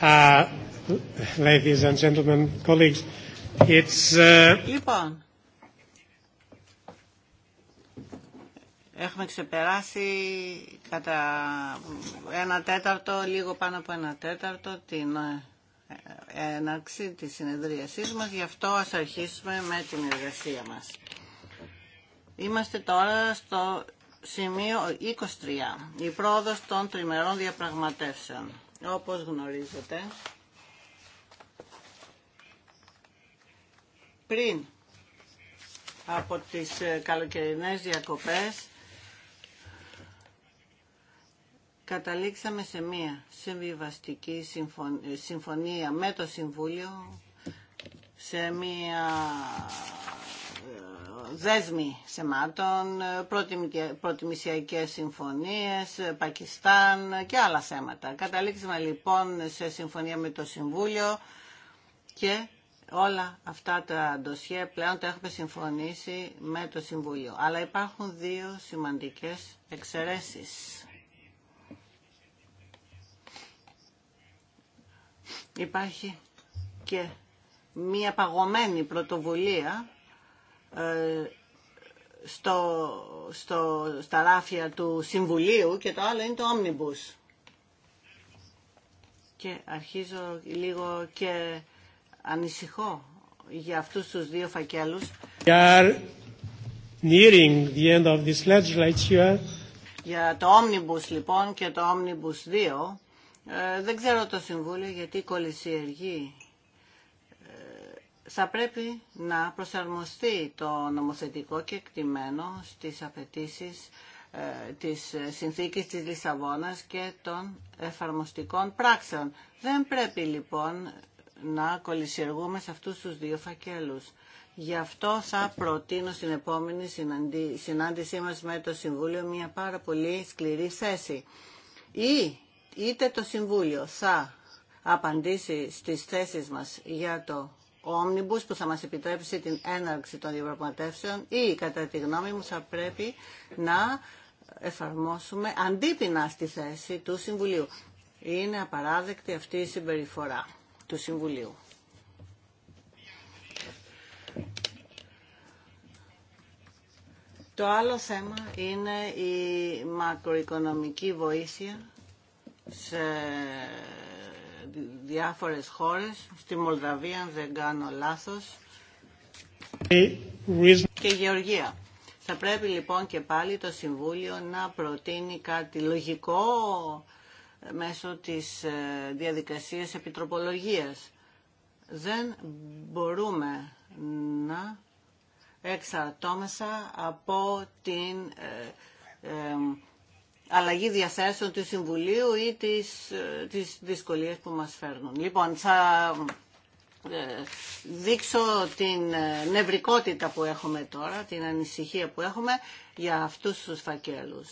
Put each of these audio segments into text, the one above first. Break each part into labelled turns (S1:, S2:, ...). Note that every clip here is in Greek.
S1: Uh, uh, λοιπόν, έχουμε ξεπεράσει κατά ένα τέταρτο, λίγο πάνω από ένα τέταρτο, την ε, έναρξη της συνεδρίασής μας. Γι' αυτό ας αρχίσουμε με την εργασία μας. Είμαστε τώρα στο σημείο 23, η πρόοδος των τριμερών διαπραγματεύσεων. Όπως γνωρίζετε, πριν από τις ε, καλοκαιρινές διακοπές καταλήξαμε σε μία συμβιβαστική ε, συμφωνία με το Συμβούλιο σε μία δέσμοι σεμάτων, προτιμησιακές συμφωνίες, Πακιστάν και άλλα θέματα. Καταλήξαμε λοιπόν σε συμφωνία με το Συμβούλιο και όλα αυτά τα ντοσιέ πλέον τα έχουμε συμφωνήσει με το Συμβούλιο. Αλλά υπάρχουν δύο σημαντικές εξαιρέσεις. Υπάρχει και μία παγωμένη πρωτοβουλία ε, στο, στο, στα ράφια του Συμβουλίου και το άλλο είναι το Omnibus. Και αρχίζω λίγο και ανησυχώ για αυτούς τους δύο φακέλους. the end of this Για το Omnibus λοιπόν και το Omnibus 2 ε, δεν ξέρω το Συμβούλιο γιατί κολλησιεργεί θα πρέπει να προσαρμοστεί το νομοθετικό εκτιμένο στις απαιτήσει ε, της συνθήκης της Λισαβόνας και των εφαρμοστικών πράξεων. Δεν πρέπει λοιπόν να κολλησιεργούμε σε αυτούς τους δύο φακέλους. Γι' αυτό θα προτείνω στην επόμενη συνάντησή μας με το Συμβούλιο μια πάρα πολύ σκληρή θέση. Ή είτε το Συμβούλιο θα απαντήσει στις θέσεις μας για το όμνιμπους που θα μας επιτρέψει την έναρξη των διαπραγματεύσεων ή κατά τη γνώμη μου θα πρέπει να εφαρμόσουμε αντίπεινα στη θέση του Συμβουλίου. Είναι απαράδεκτη αυτή η συμπεριφορά του Συμβουλίου. Το άλλο θέμα είναι η μακροοικονομική βοήθεια σε διάφορες χώρες, στη Μολδαβία αν δεν κάνω λάθος ε, και Γεωργία. Θα πρέπει λοιπόν και πάλι το Συμβούλιο να προτείνει κάτι λογικό μέσω της ε, διαδικασίας επιτροπολογίας. Δεν μπορούμε να εξαρτώμεσα από την ε, αλλαγή διαθέσεων του Συμβουλίου ή τις, ε, τις δυσκολίες που μας φέρνουν. Λοιπόν, θα ε, δείξω την ε, νευρικότητα που έχουμε τώρα, την ανησυχία που έχουμε για αυτούς τους φακέλους.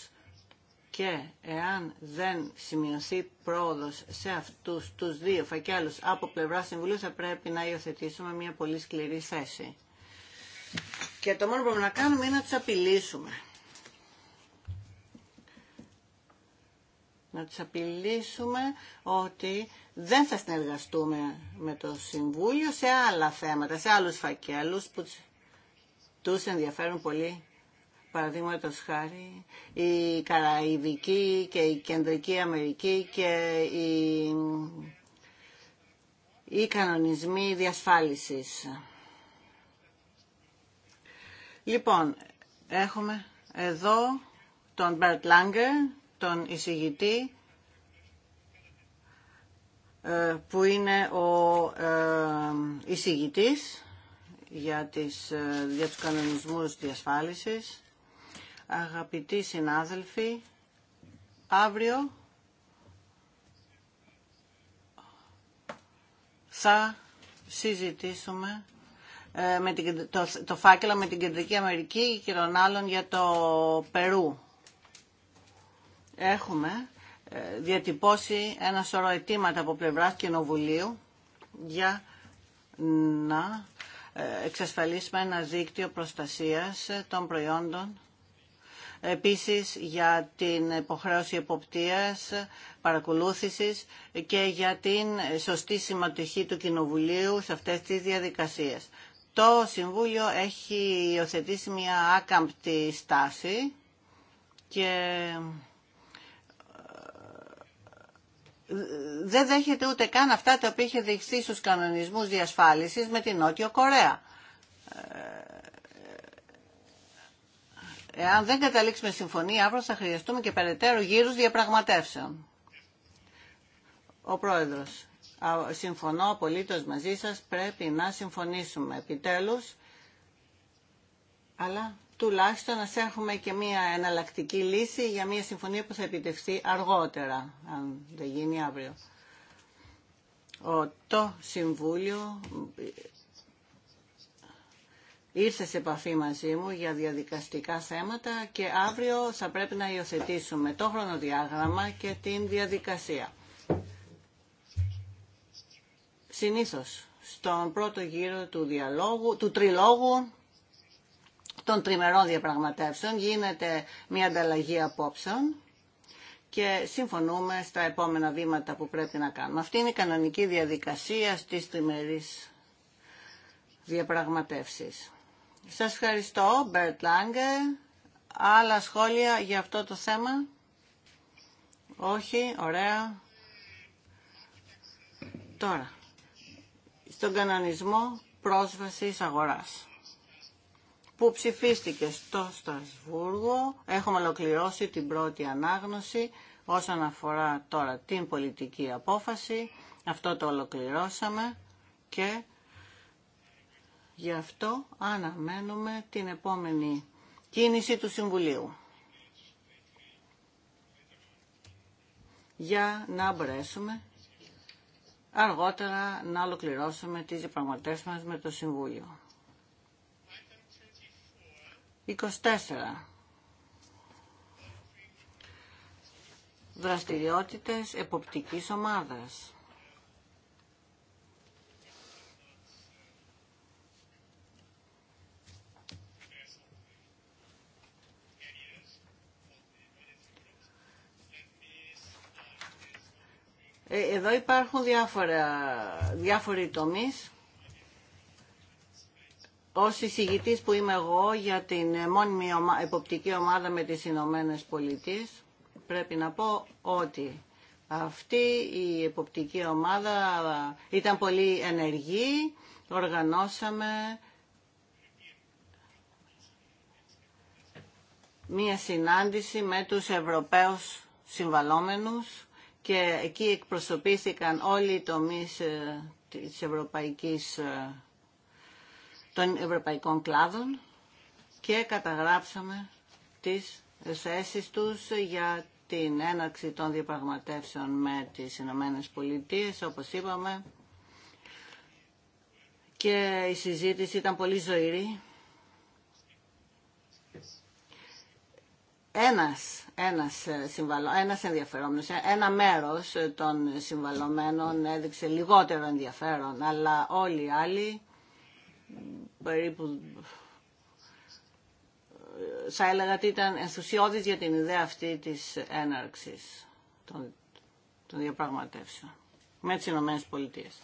S1: Και εάν δεν σημειωθεί πρόοδος σε αυτούς τους δύο φακέλους από πλευρά Συμβουλίου, θα πρέπει να υιοθετήσουμε μια πολύ σκληρή θέση. Και το μόνο που μπορούμε να κάνουμε είναι να τους απειλήσουμε. να τους απειλήσουμε ότι δεν θα συνεργαστούμε με το Συμβούλιο σε άλλα θέματα, σε άλλους φακέλους που τους ενδιαφέρουν πολύ. Παραδείγματο χάρη, η Καραϊβική και η Κεντρική Αμερική και οι, οι κανονισμοί διασφάλισης. Λοιπόν, έχουμε εδώ τον Μπερτ Λάγκερ, τον εισηγητή ε, που είναι ο ε, εισηγητής για, τις, ε, για τους κανονισμούς διασφάλισης. Αγαπητοί συνάδελφοι, αύριο θα συζητήσουμε με το, φάκελο με την Κεντρική Αμερική και των άλλων για το Περού έχουμε ε, διατυπώσει ένα σωρό αιτήματα από πλευράς Κοινοβουλίου για να ε, εξασφαλίσουμε ένα δίκτυο προστασίας ε, των προϊόντων επίσης για την υποχρέωση εποπτείας, παρακολούθησης και για την σωστή συμμετοχή του Κοινοβουλίου σε αυτές τις διαδικασίες. Το Συμβούλιο έχει υιοθετήσει μια άκαμπτη στάση και δεν δέχεται ούτε καν αυτά τα οποία είχε δεχθεί στους κανονισμούς διασφάλισης με την Νότιο Κορέα. Ε, εάν δεν καταλήξουμε συμφωνία, αύριο θα χρειαστούμε και περαιτέρω γύρους διαπραγματεύσεων. Ο Πρόεδρος, συμφωνώ απολύτως μαζί σας, πρέπει να συμφωνήσουμε επιτέλους, αλλά τουλάχιστον να έχουμε και μία εναλλακτική λύση για μία συμφωνία που θα επιτευχθεί αργότερα, αν δεν γίνει αύριο. Ο, το Συμβούλιο ήρθε σε επαφή μαζί μου για διαδικαστικά θέματα και αύριο θα πρέπει να υιοθετήσουμε το χρονοδιάγραμμα και την διαδικασία. Συνήθως στον πρώτο γύρο του, διαλόγου, του τριλόγου των τριμερών διαπραγματεύσεων γίνεται μια ανταλλαγή απόψεων και συμφωνούμε στα επόμενα βήματα που πρέπει να κάνουμε. Αυτή είναι η κανονική διαδικασία στις τριμερείς διαπραγματεύσεις. Σας ευχαριστώ, Μπερτ Λάγκε. Άλλα σχόλια για αυτό το θέμα. Όχι, ωραία. Τώρα, στον κανονισμό πρόσβασης αγοράς που ψηφίστηκε στο Στρασβούργο. Έχουμε ολοκληρώσει την πρώτη ανάγνωση όσον αφορά τώρα την πολιτική απόφαση. Αυτό το ολοκληρώσαμε και γι' αυτό αναμένουμε την επόμενη κίνηση του Συμβουλίου. για να μπορέσουμε αργότερα να ολοκληρώσουμε τις διαπραγματεύσεις μας με το Συμβούλιο. 24. Δραστηριότητες εποπτικής ομάδας. Ε, εδώ υπάρχουν διάφορα, διάφοροι τομείς ως εισηγητής που είμαι εγώ για την μόνιμη εποπτική ομάδα με τις Ηνωμένε Πολιτείες, πρέπει να πω ότι αυτή η εποπτική ομάδα ήταν πολύ ενεργή, οργανώσαμε μία συνάντηση με τους Ευρωπαίους συμβαλόμενους και εκεί εκπροσωπήθηκαν όλοι οι τομείς ε, της Ευρωπαϊκής ε, των ευρωπαϊκών κλάδων και καταγράψαμε τις θέσεις τους για την έναρξη των διαπραγματεύσεων με τις Ηνωμένε Πολιτείε, όπως είπαμε. Και η συζήτηση ήταν πολύ ζωηρή. Ένας, ένας, ε, συμβαλο, ένας ενδιαφερόμενος, ένα μέρος των συμβαλωμένων έδειξε λιγότερο ενδιαφέρον, αλλά όλοι οι άλλοι περίπου ε, θα έλεγα ότι ήταν ενθουσιώδης για την ιδέα αυτή της έναρξης των, των διαπραγματεύσεων με τις Ηνωμένες Πολιτείες.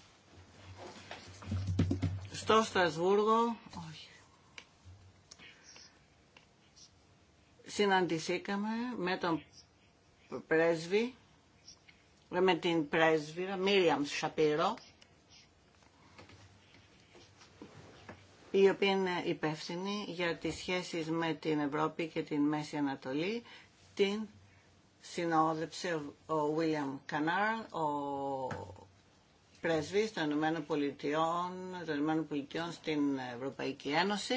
S1: Στο Στρασβούργο όχι. με τον πρέσβη με την πρέσβη Μίριαμ Σαπίρο. η οποία είναι υπεύθυνη για τις σχέσεις με την Ευρώπη και την Μέση Ανατολή, την συνόδεψε ο Βίλιαμ Κανάρ, ο πρέσβης των Ηνωμένων Πολιτειών, των στην Ευρωπαϊκή Ένωση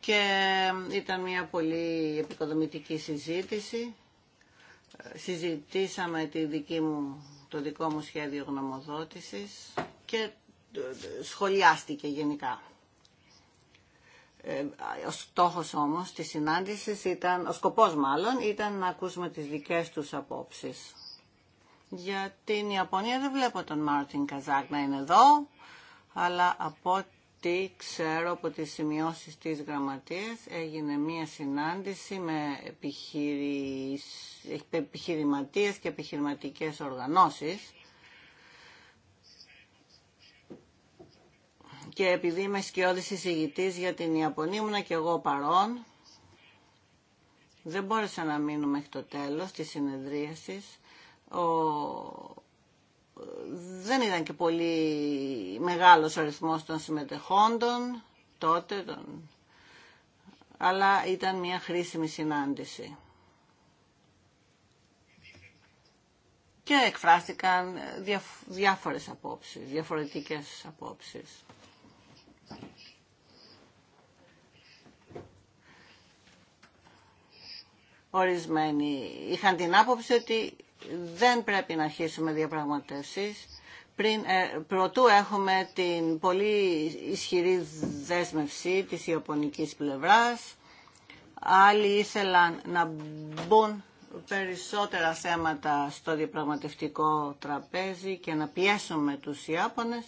S1: και ήταν μια πολύ επικοδομητική συζήτηση. Συζητήσαμε τη δική μου, το δικό μου σχέδιο γνωμοδότησης και ε, σχολιάστηκε γενικά ε, ο στόχος όμως της συνάντησης ήταν, ο σκοπός μάλλον, ήταν να ακούσουμε τις δικές τους απόψεις. Για την Ιαπωνία δεν βλέπω τον Μάρτιν Καζάκ να είναι εδώ, αλλά από ό,τι ξέρω από τις σημειώσεις της γραμματείας έγινε μία συνάντηση με επιχειρηματίες και επιχειρηματικές οργανώσεις και επειδή είμαι σκιώδης εισηγητής για την Ιαπωνία, και εγώ παρόν. Δεν μπόρεσα να μείνω μέχρι το τέλος της συνεδρίασης. Δεν ήταν και πολύ μεγάλος αριθμός των συμμετεχόντων τότε, αλλά ήταν μια χρήσιμη συνάντηση. Και εκφράστηκαν διάφορες απόψεις, διαφορετικές απόψεις. Ορισμένοι είχαν την άποψη ότι δεν πρέπει να αρχίσουμε διαπραγματεύσεις πριν, ε, προτού έχουμε την πολύ ισχυρή δέσμευση της Ιαπωνικής πλευράς. Άλλοι ήθελαν να μπουν περισσότερα θέματα στο διαπραγματευτικό τραπέζι και να πιέσουμε τους Ιάπωνες.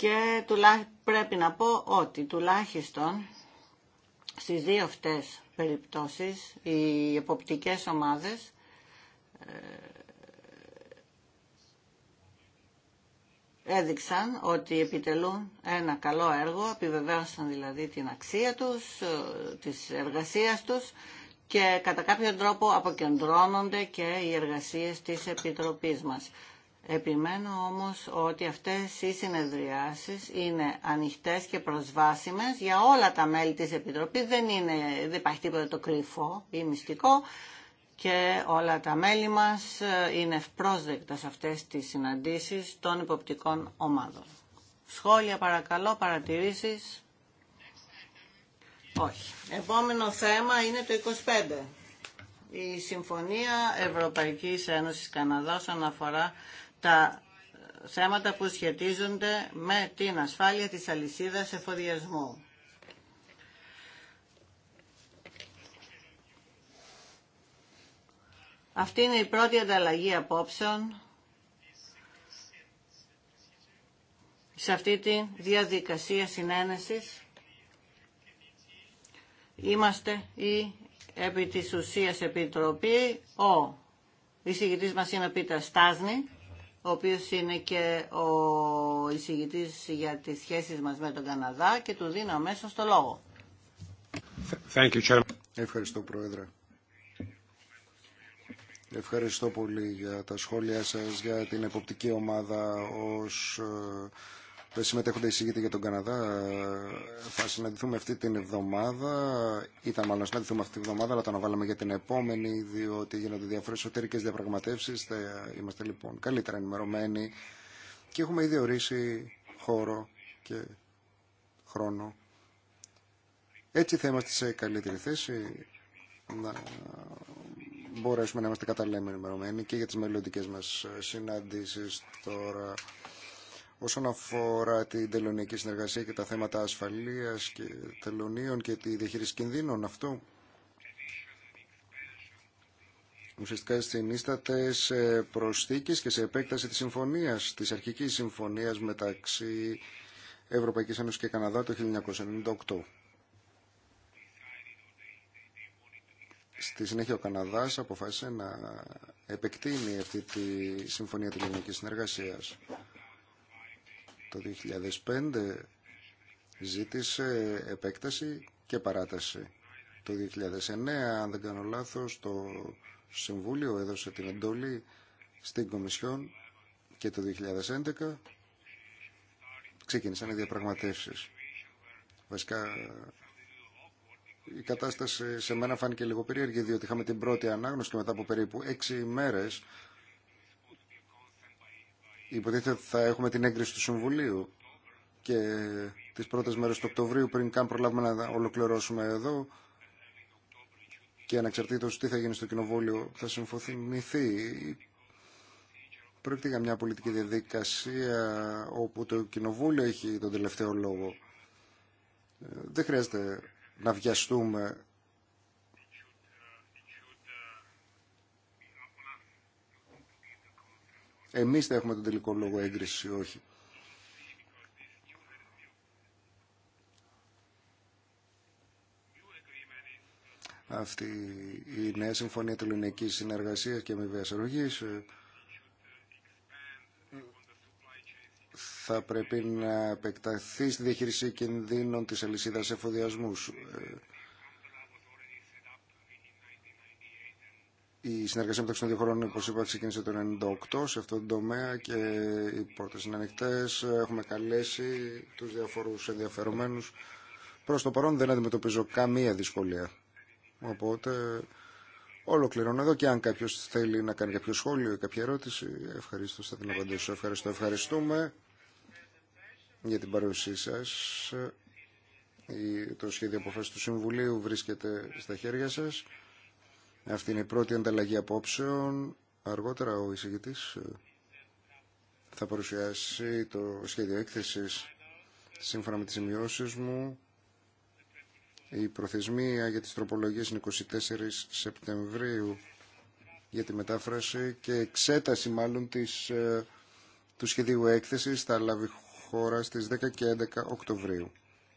S1: Και πρέπει να πω ότι τουλάχιστον στις δύο αυτές περιπτώσεις οι εποπτικές ομάδες ε, έδειξαν ότι επιτελούν ένα καλό έργο, επιβεβαίωσαν δηλαδή την αξία τους, ε, της εργασίας τους και κατά κάποιο τρόπο αποκεντρώνονται και οι εργασίες της Επιτροπής μας. Επιμένω όμως ότι αυτές οι συνεδριάσεις είναι ανοιχτές και προσβάσιμες για όλα τα μέλη της Επιτροπής. Δεν, είναι, δεν υπάρχει τίποτα το κρυφό ή μυστικό και όλα τα μέλη μας ε, είναι ευπρόσδεκτα σε αυτές τις συναντήσεις των υποπτικών ομάδων. Σχόλια παρακαλώ, παρατηρήσεις. Όχι. Επόμενο θέμα είναι το 25. Η Συμφωνία Ευρωπαϊκής Ένωσης Καναδάς αναφορά τα θέματα που σχετίζονται με την ασφάλεια της αλυσίδας εφοδιασμού. Αυτή είναι η πρώτη ανταλλαγή απόψεων σε αυτή τη διαδικασία συνένεσης. Είμαστε η επί της ουσίας επιτροπή, ο εισηγητής μας είναι ο Πίτερ Στάσνη, ο οποίος είναι και ο εισηγητής για τις σχέσεις μας με τον Καναδά και του δίνω αμέσω το λόγο.
S2: Ευχαριστώ, Πρόεδρε. Ευχαριστώ πολύ για τα σχόλια σας, για την εποπτική ομάδα ως ε, συμμετέχονται εισηγείται για τον Καναδά. Θα συναντηθούμε αυτή την εβδομάδα. Ήταν μάλλον να συναντηθούμε αυτή την εβδομάδα, αλλά το αναβάλαμε για την επόμενη, διότι γίνονται διάφορε εσωτερικέ διαπραγματεύσει. Είμαστε λοιπόν καλύτερα ενημερωμένοι και έχουμε ήδη ορίσει χώρο και χρόνο. Έτσι θα είμαστε σε καλύτερη θέση να μπορέσουμε να είμαστε καταλέμενοι ενημερωμένοι και για τις μελλοντικέ μας συναντήσεις τώρα. Όσον αφορά την τελωνιακή συνεργασία και τα θέματα ασφαλείας και τελωνίων και τη διαχείριση κινδύνων, αυτό ουσιαστικά συνίσταται σε προσθήκες και σε επέκταση της συμφωνίας, της αρχικής συμφωνίας μεταξύ Ευρωπαϊκής Ένωσης και Καναδά το 1998. Στη συνέχεια ο Καναδάς αποφάσισε να επεκτείνει αυτή τη Συμφωνία Τελωνικής Συνεργασίας το 2005 ζήτησε επέκταση και παράταση. Το 2009, αν δεν κάνω λάθος, το Συμβούλιο έδωσε την εντολή στην Κομισιόν και το 2011 ξεκίνησαν οι διαπραγματεύσεις. Βασικά η κατάσταση σε μένα φάνηκε λίγο περίεργη διότι είχαμε την πρώτη ανάγνωση και μετά από περίπου έξι μέρες Υποτίθεται ότι θα έχουμε την έγκριση του Συμβουλίου και τις πρώτες μέρες του Οκτωβρίου πριν καν προλάβουμε να ολοκληρώσουμε εδώ και ανεξαρτήτως τι θα γίνει στο Κοινοβούλιο θα συμφωνηθεί. Πρόκειται για μια πολιτική διαδικασία όπου το Κοινοβούλιο έχει τον τελευταίο λόγο. Ε, δεν χρειάζεται να βιαστούμε Εμείς θα έχουμε τον τελικό λόγο έγκρισης ή έγκριση νέα συμφωνία συμφωνια ελληνικής συνεργασίας και αμοιβαίας αρρωγής ε, θα πρέπει να επεκταθεί στη διαχείριση κινδύνων της αλυσίδας εφοδιασμούς. Ε, η συνεργασία μεταξύ των δύο χωρών, όπω είπα, ξεκίνησε το 1998 σε αυτόν τον τομέα και οι πόρτε είναι ανοιχτέ. Έχουμε καλέσει του διαφορού ενδιαφερομένου. Προ το παρόν δεν αντιμετωπίζω καμία δυσκολία. Οπότε ολοκληρώνω εδώ και αν κάποιο θέλει να κάνει κάποιο σχόλιο ή κάποια ερώτηση, ευχαρίστω θα την απαντήσω. Ευχαριστώ, ευχαριστούμε για την παρουσία σα. Το σχέδιο αποφάσεως του Συμβουλίου βρίσκεται στα χέρια σας. Αυτή είναι η πρώτη ανταλλαγή απόψεων. Αργότερα ο εισηγητής ε, θα παρουσιάσει το σχέδιο έκθεσης σύμφωνα με τις σημειώσει μου. Η προθεσμία για τις τροπολογίες είναι 24 Σεπτεμβρίου για τη μετάφραση και εξέταση μάλλον της, ε, του σχεδίου έκθεσης θα λάβει χώρα στις 10 και 11 Οκτωβρίου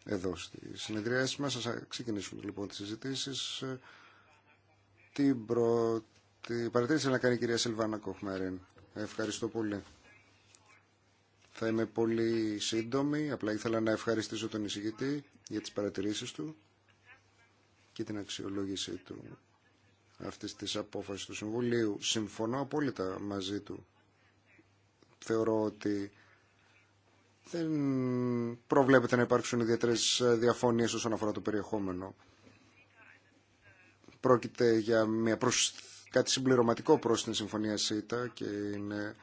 S2: εδώ στη συνεδριάση μας. Ας ξεκινήσουμε λοιπόν τις συζητήσεις την πρώτη παρατήρηση να κάνει η κυρία Σελβάνα Κοχμέριν. Ευχαριστώ πολύ. Θα είμαι πολύ σύντομη, απλά ήθελα να ευχαριστήσω τον εισηγητή για τις παρατηρήσεις του και την αξιολόγησή του αυτή της απόφαση του Συμβουλίου. Συμφωνώ απόλυτα μαζί του. Θεωρώ ότι δεν προβλέπεται να υπάρξουν ιδιαίτερε διαφωνίες όσον αφορά το περιεχόμενο. Πρόκειται για μια προσ... κάτι συμπληρωματικό προς την Συμφωνία ΣΥΤΑ και είναι...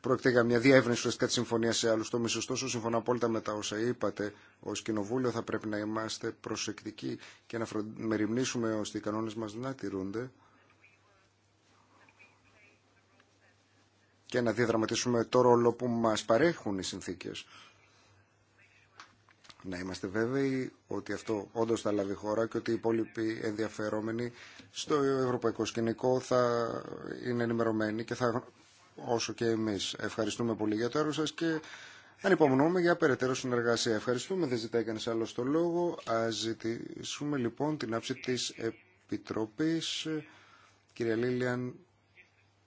S2: Πρόκειται για μια διεύρυνση ουσιαστικά τη συμφωνία σε άλλου τομεί. Ωστόσο, συμφωνώ απόλυτα με τα όσα είπατε. Ω Κοινοβούλιο θα πρέπει να είμαστε προσεκτικοί και να μεριμνήσουμε ώστε οι κανόνε μα να τηρούνται και να διαδραματίσουμε το ρόλο που μα παρέχουν οι συνθήκε να είμαστε βέβαιοι ότι αυτό όντω θα λάβει χώρα και ότι οι υπόλοιποι ενδιαφερόμενοι στο ευρωπαϊκό σκηνικό θα είναι ενημερωμένοι και θα όσο και εμεί Ευχαριστούμε πολύ για το έργο σα και ανυπομονούμε για περαιτέρω συνεργασία. Ευχαριστούμε, δεν ζητάει κανείς άλλο το λόγο. Α ζητήσουμε λοιπόν την άψη τη Επιτροπή, Κυρία Λίλιαν,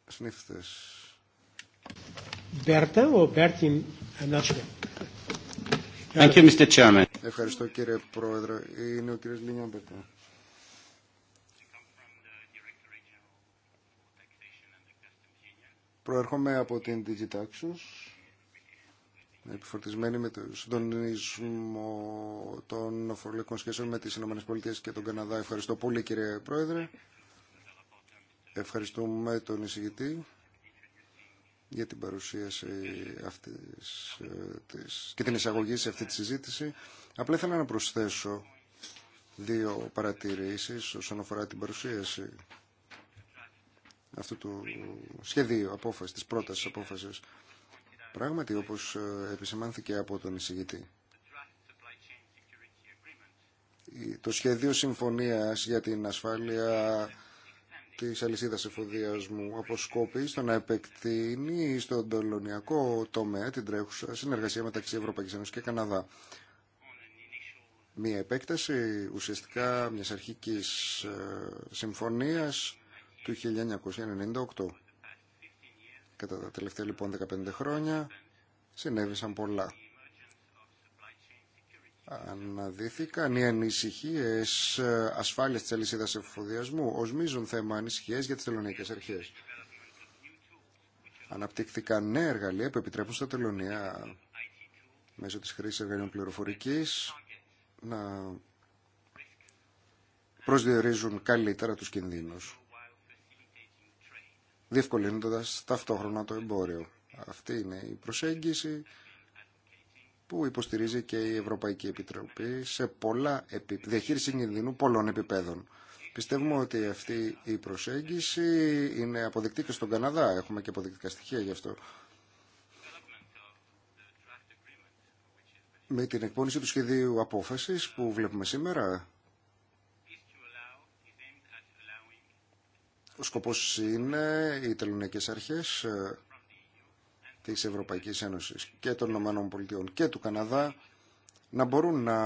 S2: σνίφτε. Ευχαριστώ κύριε Πρόεδρε. Είναι ο κύριος Λίνιαν Προέρχομαι από την Digitaxus, επιφορτισμένη με τον συντονισμό των φορολογικών σχέσεων με τις ΗΠΑ και τον Καναδά. Ευχαριστώ πολύ κύριε Πρόεδρε. Ευχαριστούμε τον εισηγητή για την παρουσίαση αυτής ε, της, και την εισαγωγή σε αυτή τη συζήτηση. Απλά ήθελα να προσθέσω δύο παρατηρήσεις όσον αφορά την παρουσίαση αυτού του σχεδίου απόφασης, της πρότασης απόφασης. Πράγματι, όπως ε, επισημάνθηκε από τον εισηγητή, το σχέδιο συμφωνίας για την ασφάλεια τη της αλυσίδας εφοδιασμού αποσκόπη στο να επεκτείνει στον τολωνιακό τομέα την τρέχουσα συνεργασία μεταξύ Ευρωπαϊκή Ένωση και Καναδά. Μία επέκταση ουσιαστικά μιας αρχικής ε, συμφωνίας του 1998. Κατά τα τελευταία λοιπόν 15 χρόνια συνέβησαν πολλά. Αναδύθηκαν οι ανησυχίε ασφάλεια τη αλυσίδα εφοδιασμού ω μείζον θέμα ανησυχίε για τι τελωνιακέ αρχέ. Αναπτύχθηκαν νέα εργαλεία που επιτρέπουν στα τελωνία μέσω της χρήσης εργαλείων πληροφορική, να προσδιορίζουν καλύτερα τους κινδύνους, διευκολύνοντας ταυτόχρονα το εμπόριο. Αυτή είναι η προσέγγιση που υποστηρίζει και η Ευρωπαϊκή Επιτροπή σε πολλά επίπεδα, διαχείριση κινδυνού πολλών επιπέδων. Πιστεύουμε ότι αυτή η προσέγγιση είναι αποδεκτή και στον Καναδά. Έχουμε και αποδεκτικά στοιχεία γι' αυτό. Με την εκπόνηση του σχεδίου απόφασης που βλέπουμε σήμερα, ο σκοπός είναι οι τελωνιακές αρχές ε, της Ευρωπαϊκής Ένωσης και των Ηνωμένων Πολιτειών και του Καναδά να μπορούν να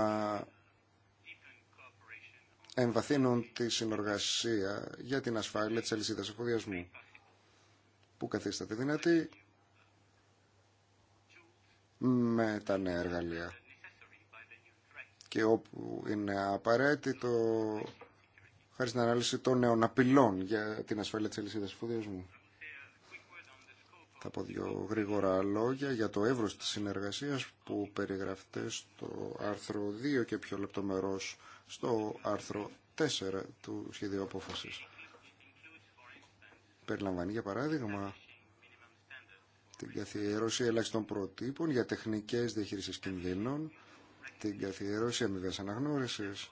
S2: εμβαθύνουν τη συνεργασία για την ασφάλεια της αλυσίδας εφοδιασμού που καθίσταται δυνατή με τα νέα εργαλεία και όπου είναι απαραίτητο χάρη στην ανάλυση των νέων απειλών για την ασφάλεια της αλυσίδας εφοδιασμού. Θα πω δύο γρήγορα λόγια για το εύρος της συνεργασίας που περιγραφτεί στο άρθρο 2 και πιο λεπτομερώς στο άρθρο 4 του σχεδίου απόφασης. Περιλαμβάνει για παράδειγμα την καθιέρωση ελάχιστων προτύπων για τεχνικές διαχείρισης κινδύνων, την καθιέρωση αμοιβαίας αναγνώρισης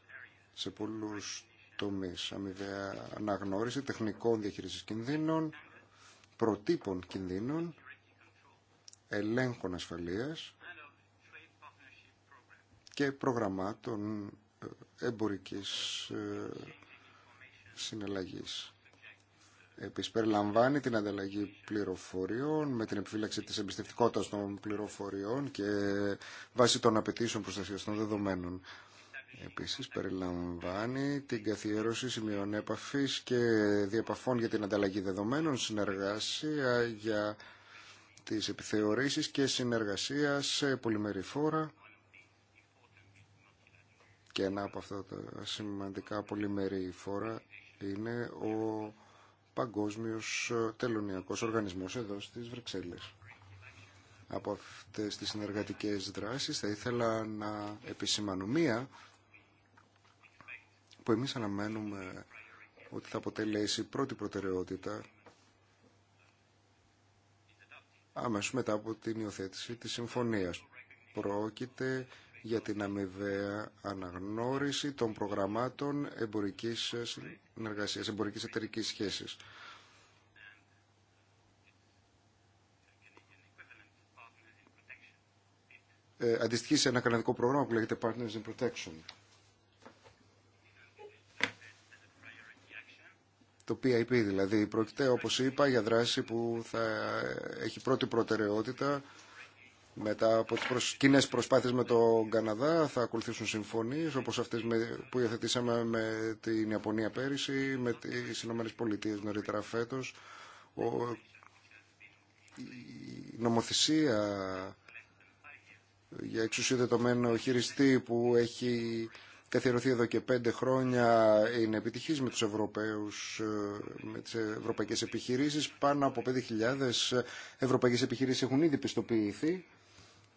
S2: σε πολλούς τομείς, αμοιβαία αναγνώριση τεχνικών διαχείρισης κινδύνων, προτύπων κινδύνων, ελέγχων ασφαλείας και προγραμμάτων ε, εμπορικής ε, συναλλαγής. Επίσης, περιλαμβάνει την ανταλλαγή πληροφοριών με την επιφύλαξη της εμπιστευτικότητας των πληροφοριών και βάσει των απαιτήσεων προστασίας των δεδομένων. Επίσης περιλαμβάνει την καθιέρωση σημείων επαφής και διαπαφών για την ανταλλαγή δεδομένων, συνεργασία για τις επιθεωρήσεις και συνεργασία σε πολυμερή φόρα. Και ένα από αυτά τα σημαντικά πολυμερή φόρα είναι ο Παγκόσμιος Τελωνιακός Οργανισμός εδώ στις Βρυξέλλες. Από αυτές τις συνεργατικές δράσεις θα ήθελα να επισημανω που εμείς αναμένουμε ότι θα αποτελέσει πρώτη προτεραιότητα αμέσως μετά από την υιοθέτηση της συμφωνίας. Πρόκειται για την αμοιβαία αναγνώριση των προγραμμάτων εμπορικής συνεργασίας, εμπορικής εταιρικής σχέσης. Ε, αντιστοιχεί σε ένα καναδικό πρόγραμμα που λέγεται Partners in Protection. το PIP δηλαδή. Πρόκειται, όπως είπα, για δράση που θα έχει πρώτη προτεραιότητα. Μετά από τις κοινέ προσπάθειες με τον Καναδά θα ακολουθήσουν συμφωνίες όπως αυτές που υιοθετήσαμε με την Ιαπωνία πέρυσι, με τις Ηνωμένες Πολιτείες νωρίτερα φέτος. η νομοθεσία για εξουσιοδετωμένο χειριστή που έχει καθιερωθεί εδώ και πέντε χρόνια είναι επιτυχής με τους Ευρωπαίους, ε, με τις ευρωπαϊκές επιχειρήσεις. Πάνω από 5.000 ευρωπαϊκές επιχειρήσεις έχουν ήδη πιστοποιηθεί,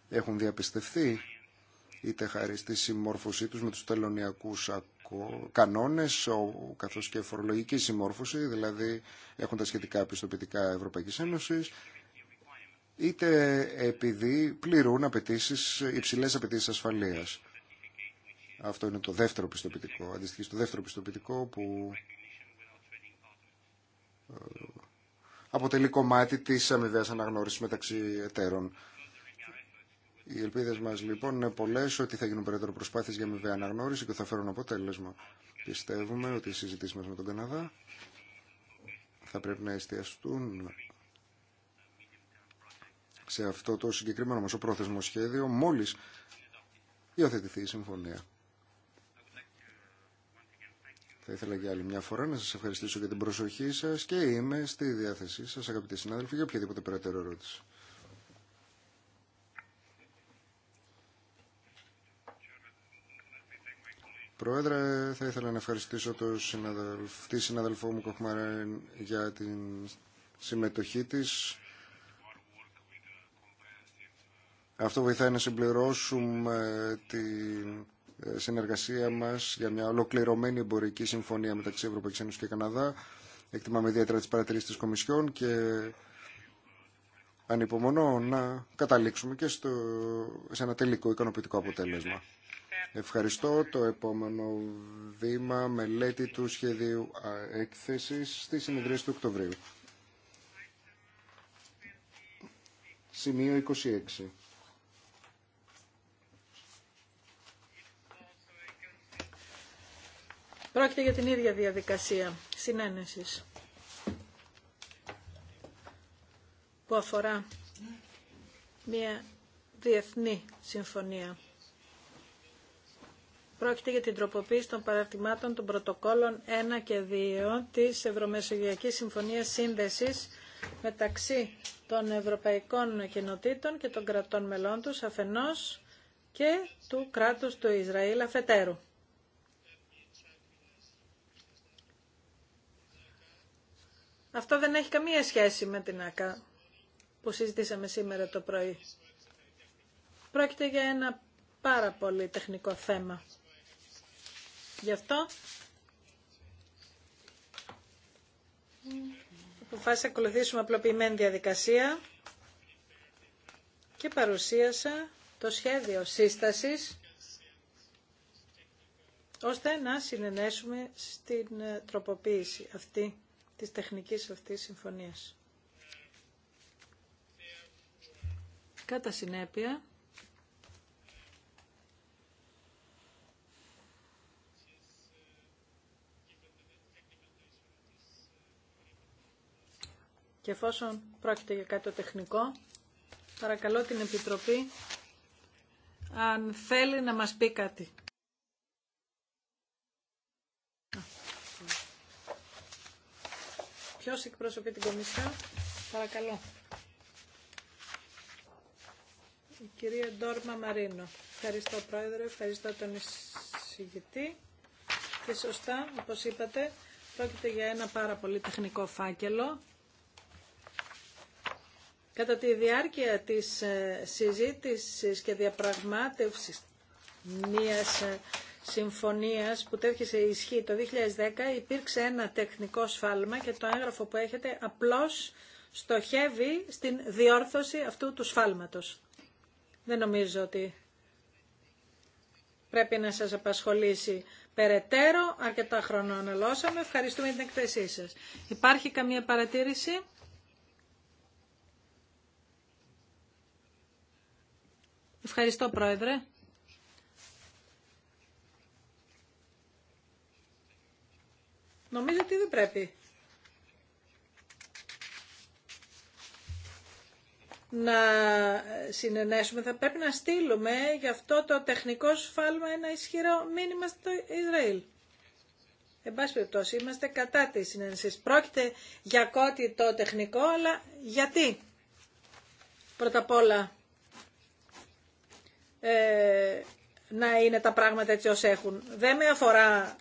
S2: έχουν διαπιστευθεί είτε χάρη στη συμμόρφωσή τους με τους τελωνιακούς κανόνες, καθώς και φορολογική συμμόρφωση, δηλαδή έχουν τα σχετικά πιστοποιητικά Ευρωπαϊκής Ένωσης, είτε επειδή πληρούν απαιτήσεις, υψηλές απαιτήσεις ασφαλείας. Αυτό είναι το δεύτερο πιστοποιητικό, αντιστοιχεί στο δεύτερο πιστοποιητικό που ε, αποτελεί κομμάτι τη αμοιβαία αναγνώριση μεταξύ εταίρων. Οι ελπίδε μα λοιπόν είναι πολλέ ότι θα γίνουν περαιτέρω προσπάθειε για αμοιβαία αναγνώριση και θα φέρουν αποτέλεσμα. Πιστεύουμε ότι οι συζητήσει μα με τον Καναδά θα πρέπει να εστιαστούν σε αυτό το συγκεκριμένο πρόθεσμο σχέδιο μόλις υιοθετηθεί η συμφωνία. Θα ήθελα για άλλη μια φορά να σας ευχαριστήσω για την προσοχή σας και είμαι στη διάθεσή σας, αγαπητοί συνάδελφοι, για οποιαδήποτε περαιτέρω ερώτηση. Πρόεδρε, θα ήθελα να ευχαριστήσω τον συναδελφ, τη συναδελφό μου Κοχμαρέν για την συμμετοχή της. Αυτό βοηθάει να συμπληρώσουμε την συνεργασία μας για μια ολοκληρωμένη εμπορική συμφωνία μεταξύ Ευρωπαϊκή Ένωση και Καναδά. Εκτιμάμε ιδιαίτερα τι παρατηρήσει τη Κομισιόν και ανυπομονώ να καταλήξουμε και στο, σε ένα τελικό ικανοποιητικό αποτέλεσμα. Ευχαριστώ. Το επόμενο βήμα μελέτη του σχεδίου έκθεσης στη συνεδρίαση του Οκτωβρίου. Σημείο 26.
S3: Πρόκειται για την ίδια διαδικασία συνένεσης που αφορά μια διεθνή συμφωνία. Πρόκειται για την τροποποίηση των παραρτημάτων των πρωτοκόλων 1 και 2 της Ευρωμεσογειακής Συμφωνίας Σύνδεσης μεταξύ των Ευρωπαϊκών Κοινοτήτων και των κρατών μελών τους αφενός και του κράτους του Ισραήλ αφετέρου. Αυτό δεν έχει καμία σχέση με την ΑΚΑ που συζητήσαμε σήμερα το πρωί. Πρόκειται για ένα πάρα πολύ τεχνικό θέμα. Γι' αυτό αποφάσισα να ακολουθήσουμε απλοποιημένη διαδικασία και παρουσίασα το σχέδιο σύστασης ώστε να συνενέσουμε στην τροποποίηση αυτή της τεχνικής αυτής συμφωνίας. Κατά συνέπεια, και εφόσον πρόκειται για κάτι τεχνικό, παρακαλώ την Επιτροπή αν θέλει να μας πει κάτι. Ποιος εκπροσωπεί την Κομισιόν, παρακαλώ. Η κυρία Ντόρμα Μαρίνο. Ευχαριστώ Πρόεδρε, ευχαριστώ τον εισηγητή. Και σωστά, όπως είπατε, πρόκειται για ένα πάρα πολύ τεχνικό φάκελο. Κατά τη διάρκεια της ε, συζήτησης και διαπραγμάτευσης μιας ε, συμφωνίας που τέθηκε σε ισχύ το 2010 υπήρξε ένα τεχνικό σφάλμα και το έγγραφο που έχετε απλώς στοχεύει στην διόρθωση αυτού του σφάλματος. Δεν νομίζω ότι πρέπει να σας απασχολήσει περαιτέρω. Αρκετά χρόνο αναλώσαμε. Ευχαριστούμε την εκθεσή σας. Υπάρχει καμία παρατήρηση? Ευχαριστώ, Πρόεδρε. Νομίζω ότι δεν πρέπει να συνενέσουμε. Θα πρέπει να στείλουμε γι' αυτό το τεχνικό σφάλμα ένα ισχυρό μήνυμα στο Ισραήλ. Εν πάση περιπτώσει, είμαστε κατά τη συνένεση. Πρόκειται για κότι το τεχνικό, αλλά γιατί. Πρώτα απ' όλα, ε, να είναι τα πράγματα έτσι ως έχουν. Δεν με αφορά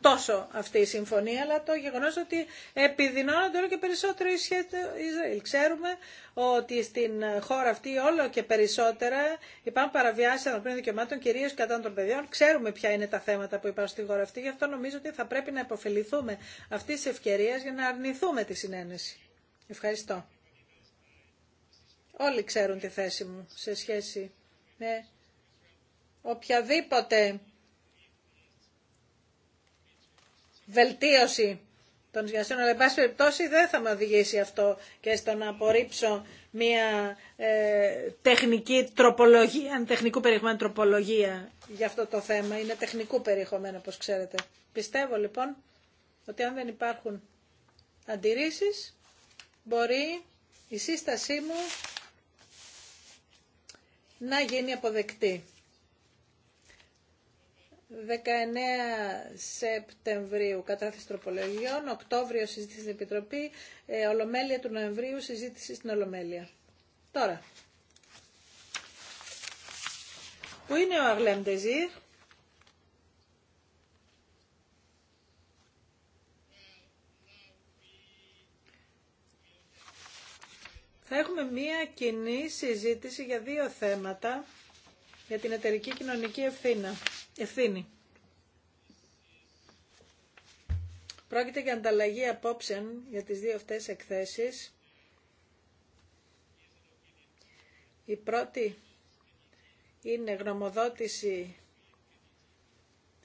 S3: τόσο αυτή η συμφωνία, αλλά το γεγονός ότι επιδεινώνονται όλο και περισσότερο οι Ισραήλ. Ξέρουμε ότι στην χώρα αυτή όλο και περισσότερα υπάρχουν παραβιάσει ανθρωπίνων δικαιωμάτων, κυρίω κατά των παιδιών. Ξέρουμε ποια είναι τα θέματα που υπάρχουν στη χώρα αυτή, γι' αυτό νομίζω ότι θα πρέπει να υποφεληθούμε αυτή τη ευκαιρία για να αρνηθούμε τη συνένεση. Ευχαριστώ. Όλοι ξέρουν τη θέση μου σε σχέση με οποιαδήποτε βελτίωση των σχεσιών αλλά εν πάση περιπτώσει δεν θα με οδηγήσει αυτό και στο να απορρίψω μια ε, τεχνική τροπολογία, τεχνικού περιεχομένου τροπολογία για αυτό το θέμα. Είναι τεχνικού περιεχομένου, όπως ξέρετε. Πιστεύω λοιπόν ότι αν δεν υπάρχουν αντιρρήσεις, μπορεί η σύστασή μου να γίνει αποδεκτή. 19 Σεπτεμβρίου κατάθεση τροπολογιών, Οκτώβριο συζήτηση στην Επιτροπή, ε, Ολομέλεια του Νοεμβρίου συζήτηση στην Ολομέλεια. Τώρα, που είναι ο Αγλέμ Ντεζίρ, θα έχουμε μία κοινή συζήτηση για δύο θέματα για την εταιρική κοινωνική ευθύνα ευθύνη. Πρόκειται για ανταλλαγή απόψεων για τις δύο αυτές εκθέσεις. Η πρώτη είναι γνωμοδότηση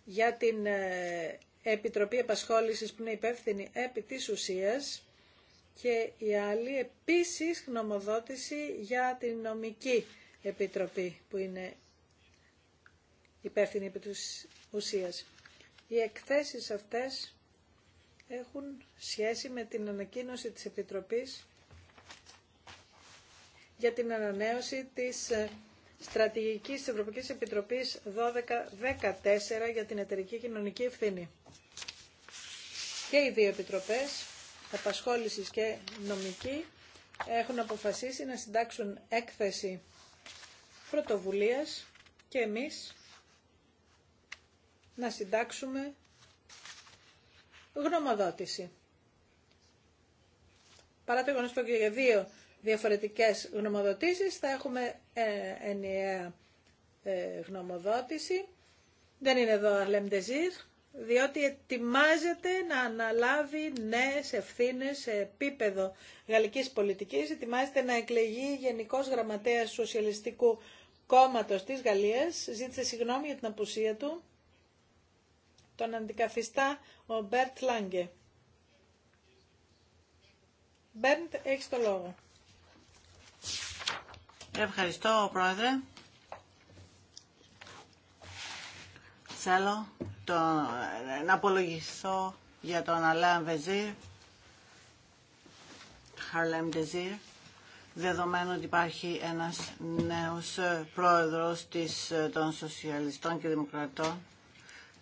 S3: για την ε, Επιτροπή Επασχόλησης που είναι υπεύθυνη επί της ουσίας και η άλλη επίσης γνωμοδότηση για την Νομική Επιτροπή που είναι Υπεύθυνη επί της ουσίας. Οι εκθέσεις αυτές έχουν σχέση με την ανακοίνωση της Επιτροπής για την ανανέωση της ε, στρατηγικής της Ευρωπαϊκής Επιτροπής 12-14 για την εταιρική κοινωνική ευθύνη. Και οι δύο επιτροπές, απασχόλησης και νομική, έχουν αποφασίσει να συντάξουν έκθεση πρωτοβουλίας και εμείς να συντάξουμε γνωμοδότηση. Παρά το γνωστό και για δύο διαφορετικές γνωμοδοτήσεις θα έχουμε ε, ενιαία ε, γνωμοδότηση. Δεν είναι εδώ Αρλέμ διότι ετοιμάζεται να αναλάβει νέες ευθύνες σε επίπεδο γαλλικής πολιτικής. Ετοιμάζεται να εκλεγεί Γενικός Γραμματέας Σοσιαλιστικού Κόμματος της Γαλλίας. Ζήτησε συγγνώμη για την απουσία του. Τον αντικαθιστά ο Μπέρτ Λάγκε. Μπέρντ, έχεις το λόγο.
S1: Ευχαριστώ, Πρόεδρε. Θέλω το, να απολογηθώ για τον Αλάν Βεζίρ, Χαρλέμ Δεζίρ, δεδομένου ότι υπάρχει ένας νέος πρόεδρος της, των Σοσιαλιστών και Δημοκρατών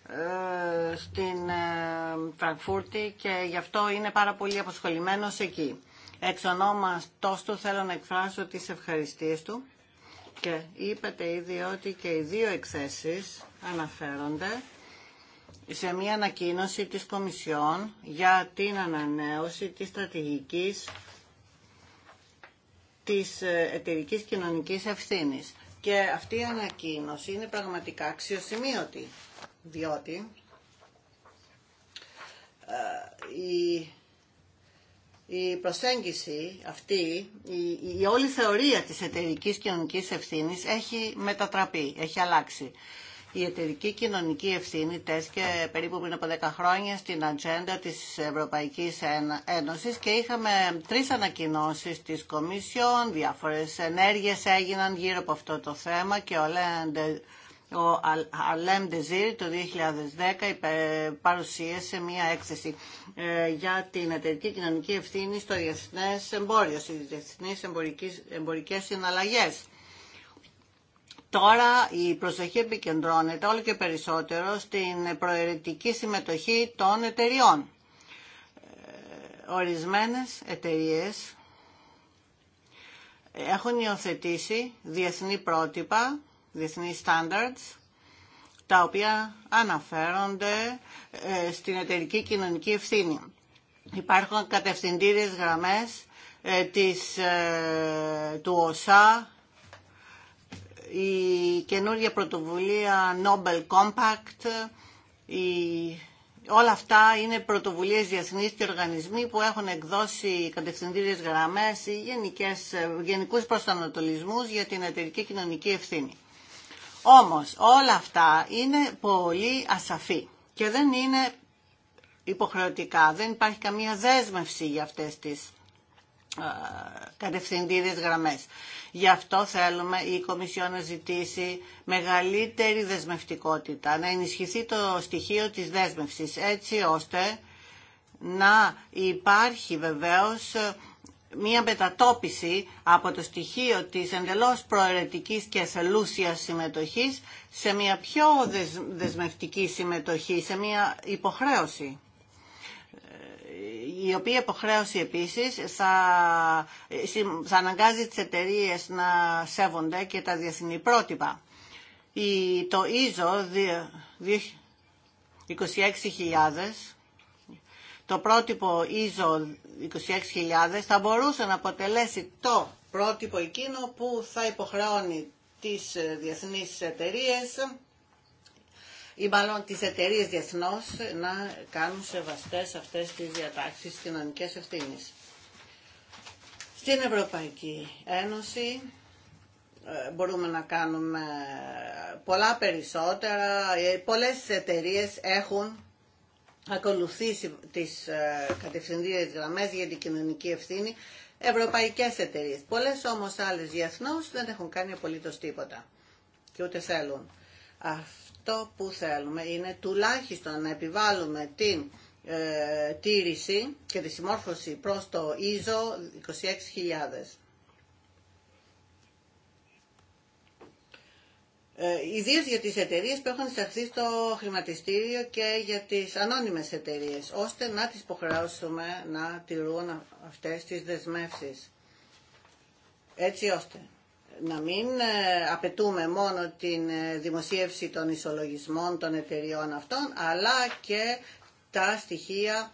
S1: ε, στην ε, Φραγκφούρτη και γι' αυτό είναι πάρα πολύ αποσχολημένος εκεί. Εξ ονόματός του θέλω να εκφράσω τις ευχαριστίες του και είπατε ήδη ότι και οι δύο εκθέσει αναφέρονται σε μια ανακοίνωση της Κομισιόν για την ανανέωση της στρατηγικής της εταιρικής κοινωνικής ευθύνης. Και αυτή η ανακοίνωση είναι πραγματικά αξιοσημείωτη διότι ε, η, η προσέγγιση αυτή, η, η όλη θεωρία της εταιρική κοινωνικής ευθύνης έχει μετατραπεί, έχει αλλάξει. Η εταιρική κοινωνική ευθύνη τέσκε περίπου πριν από 10 χρόνια στην ατζέντα της Ευρωπαϊκής Ένωσης και είχαμε τρεις ανακοινώσεις της Κομισιόν, διάφορες ενέργειες έγιναν γύρω από αυτό το θέμα και όλα ο Αλέμ Ντεζίρ το 2010 παρουσίασε μία έκθεση ε, για την εταιρική κοινωνική ευθύνη στο διεθνέ εμπόριο, στι διεθνεί εμπορικές συναλλαγές. Τώρα η προσοχή επικεντρώνεται όλο και περισσότερο στην προαιρετική συμμετοχή των εταιριών. Ε, ορισμένες εταιρείες έχουν υιοθετήσει διεθνή πρότυπα διεθνή standards, τα οποία αναφέρονται ε, στην εταιρική κοινωνική ευθύνη. Υπάρχουν κατευθυντήριες γραμμές ε, της, ε, του ΟΣΑ, η καινούργια πρωτοβουλία Nobel Compact, η... όλα αυτά είναι πρωτοβουλίες διεθνείς και οργανισμοί που έχουν εκδώσει κατευθυντήριες γραμμές ή γενικές, γενικούς προσανατολισμούς για την εταιρική κοινωνική ευθύνη. Όμως όλα αυτά είναι πολύ ασαφή και δεν είναι υποχρεωτικά, δεν υπάρχει καμία δέσμευση για αυτές τις ε, κατευθυντήριες γραμμές. Γι' αυτό θέλουμε η Κομισιόν να ζητήσει μεγαλύτερη δεσμευτικότητα, να ενισχυθεί το στοιχείο της δέσμευσης, έτσι ώστε να υπάρχει βεβαίως ε, μία μετατόπιση από το στοιχείο της εντελώς προαιρετικής και ασελούσιας συμμετοχής σε μία πιο δεσμευτική συμμετοχή, σε μία υποχρέωση ε, η οποία υποχρέωση επίσης θα, ε, θα αναγκάζει τις εταιρείε να σέβονται και τα διεθνή πρότυπα. Η, το ISO 26000 το πρότυπο ISO 26.000 θα μπορούσε να αποτελέσει το πρότυπο εκείνο που θα υποχρεώνει τις ε, διεθνείς εταιρείες ή μάλλον τις εταιρείες διεθνώς να κάνουν σεβαστές αυτές τις διατάξεις κοινωνικέ κοινωνικές Στην Ευρωπαϊκή Ένωση ε, μπορούμε να κάνουμε πολλά περισσότερα. Ε, πολλές εταιρείες έχουν ακολουθήσει τις ε, κατευθυντήριες γραμμές για την κοινωνική ευθύνη ευρωπαϊκές εταιρείε. Πολλές όμως άλλες διεθνώς δεν έχουν κάνει απολύτως τίποτα και ούτε θέλουν. Αυτό που θέλουμε είναι τουλάχιστον να επιβάλλουμε την ε, τήρηση και τη συμμόρφωση προς το ISO 26000. Ε, Ιδίω για τις εταιρείες που έχουν εισαχθεί στο χρηματιστήριο και για τις ανώνυμες εταιρείες, ώστε να τις υποχρεώσουμε να τηρούν αυτές τις δεσμεύσεις. Έτσι ώστε να μην ε, απαιτούμε μόνο την ε, δημοσίευση των ισολογισμών των εταιριών αυτών, αλλά και τα στοιχεία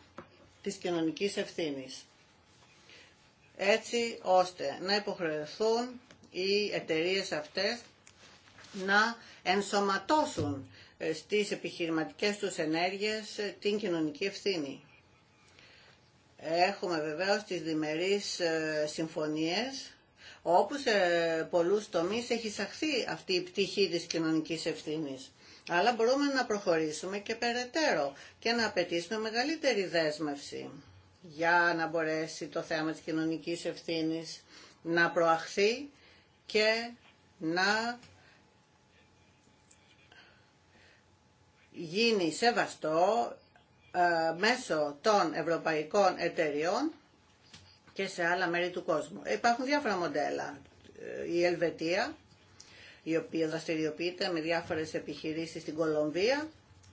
S1: της κοινωνικής ευθύνης. Έτσι ώστε να υποχρεωθούν οι εταιρείες αυτές να ενσωματώσουν ε, στις επιχειρηματικές τους ενέργειες ε, την κοινωνική ευθύνη. Έχουμε βεβαίως τις διμερείς ε, συμφωνίες όπου σε πολλούς τομείς έχει σαχθεί αυτή η πτυχή της κοινωνικής ευθύνης. Αλλά μπορούμε να προχωρήσουμε και περαιτέρω και να απαιτήσουμε μεγαλύτερη δέσμευση για να μπορέσει το θέμα της κοινωνικής ευθύνης να προαχθεί και να γίνει σεβαστό ε, μέσω των ευρωπαϊκών εταιριών και σε άλλα μέρη του κόσμου. Υπάρχουν διάφορα μοντέλα. Ε, η Ελβετία, η οποία δραστηριοποιείται με διάφορες επιχειρήσεις στην Κολομβία,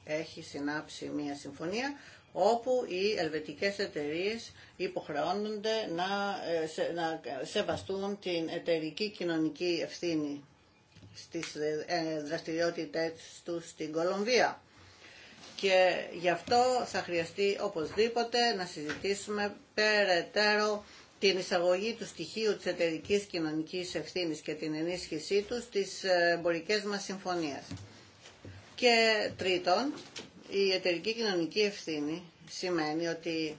S1: έχει συνάψει μια συμφωνία όπου οι ελβετικές εταιρείες υποχρεώνονται να, ε, σε, σεβαστούν την εταιρική κοινωνική ευθύνη στις δραστηριότητες τους στην Κολομβία και γι' αυτό θα χρειαστεί οπωσδήποτε να συζητήσουμε περαιτέρω την εισαγωγή του στοιχείου της εταιρικής κοινωνικής ευθύνης και την ενίσχυσή του στις εμπορικές μας συμφωνίες. Και τρίτον, η εταιρική κοινωνική ευθύνη σημαίνει ότι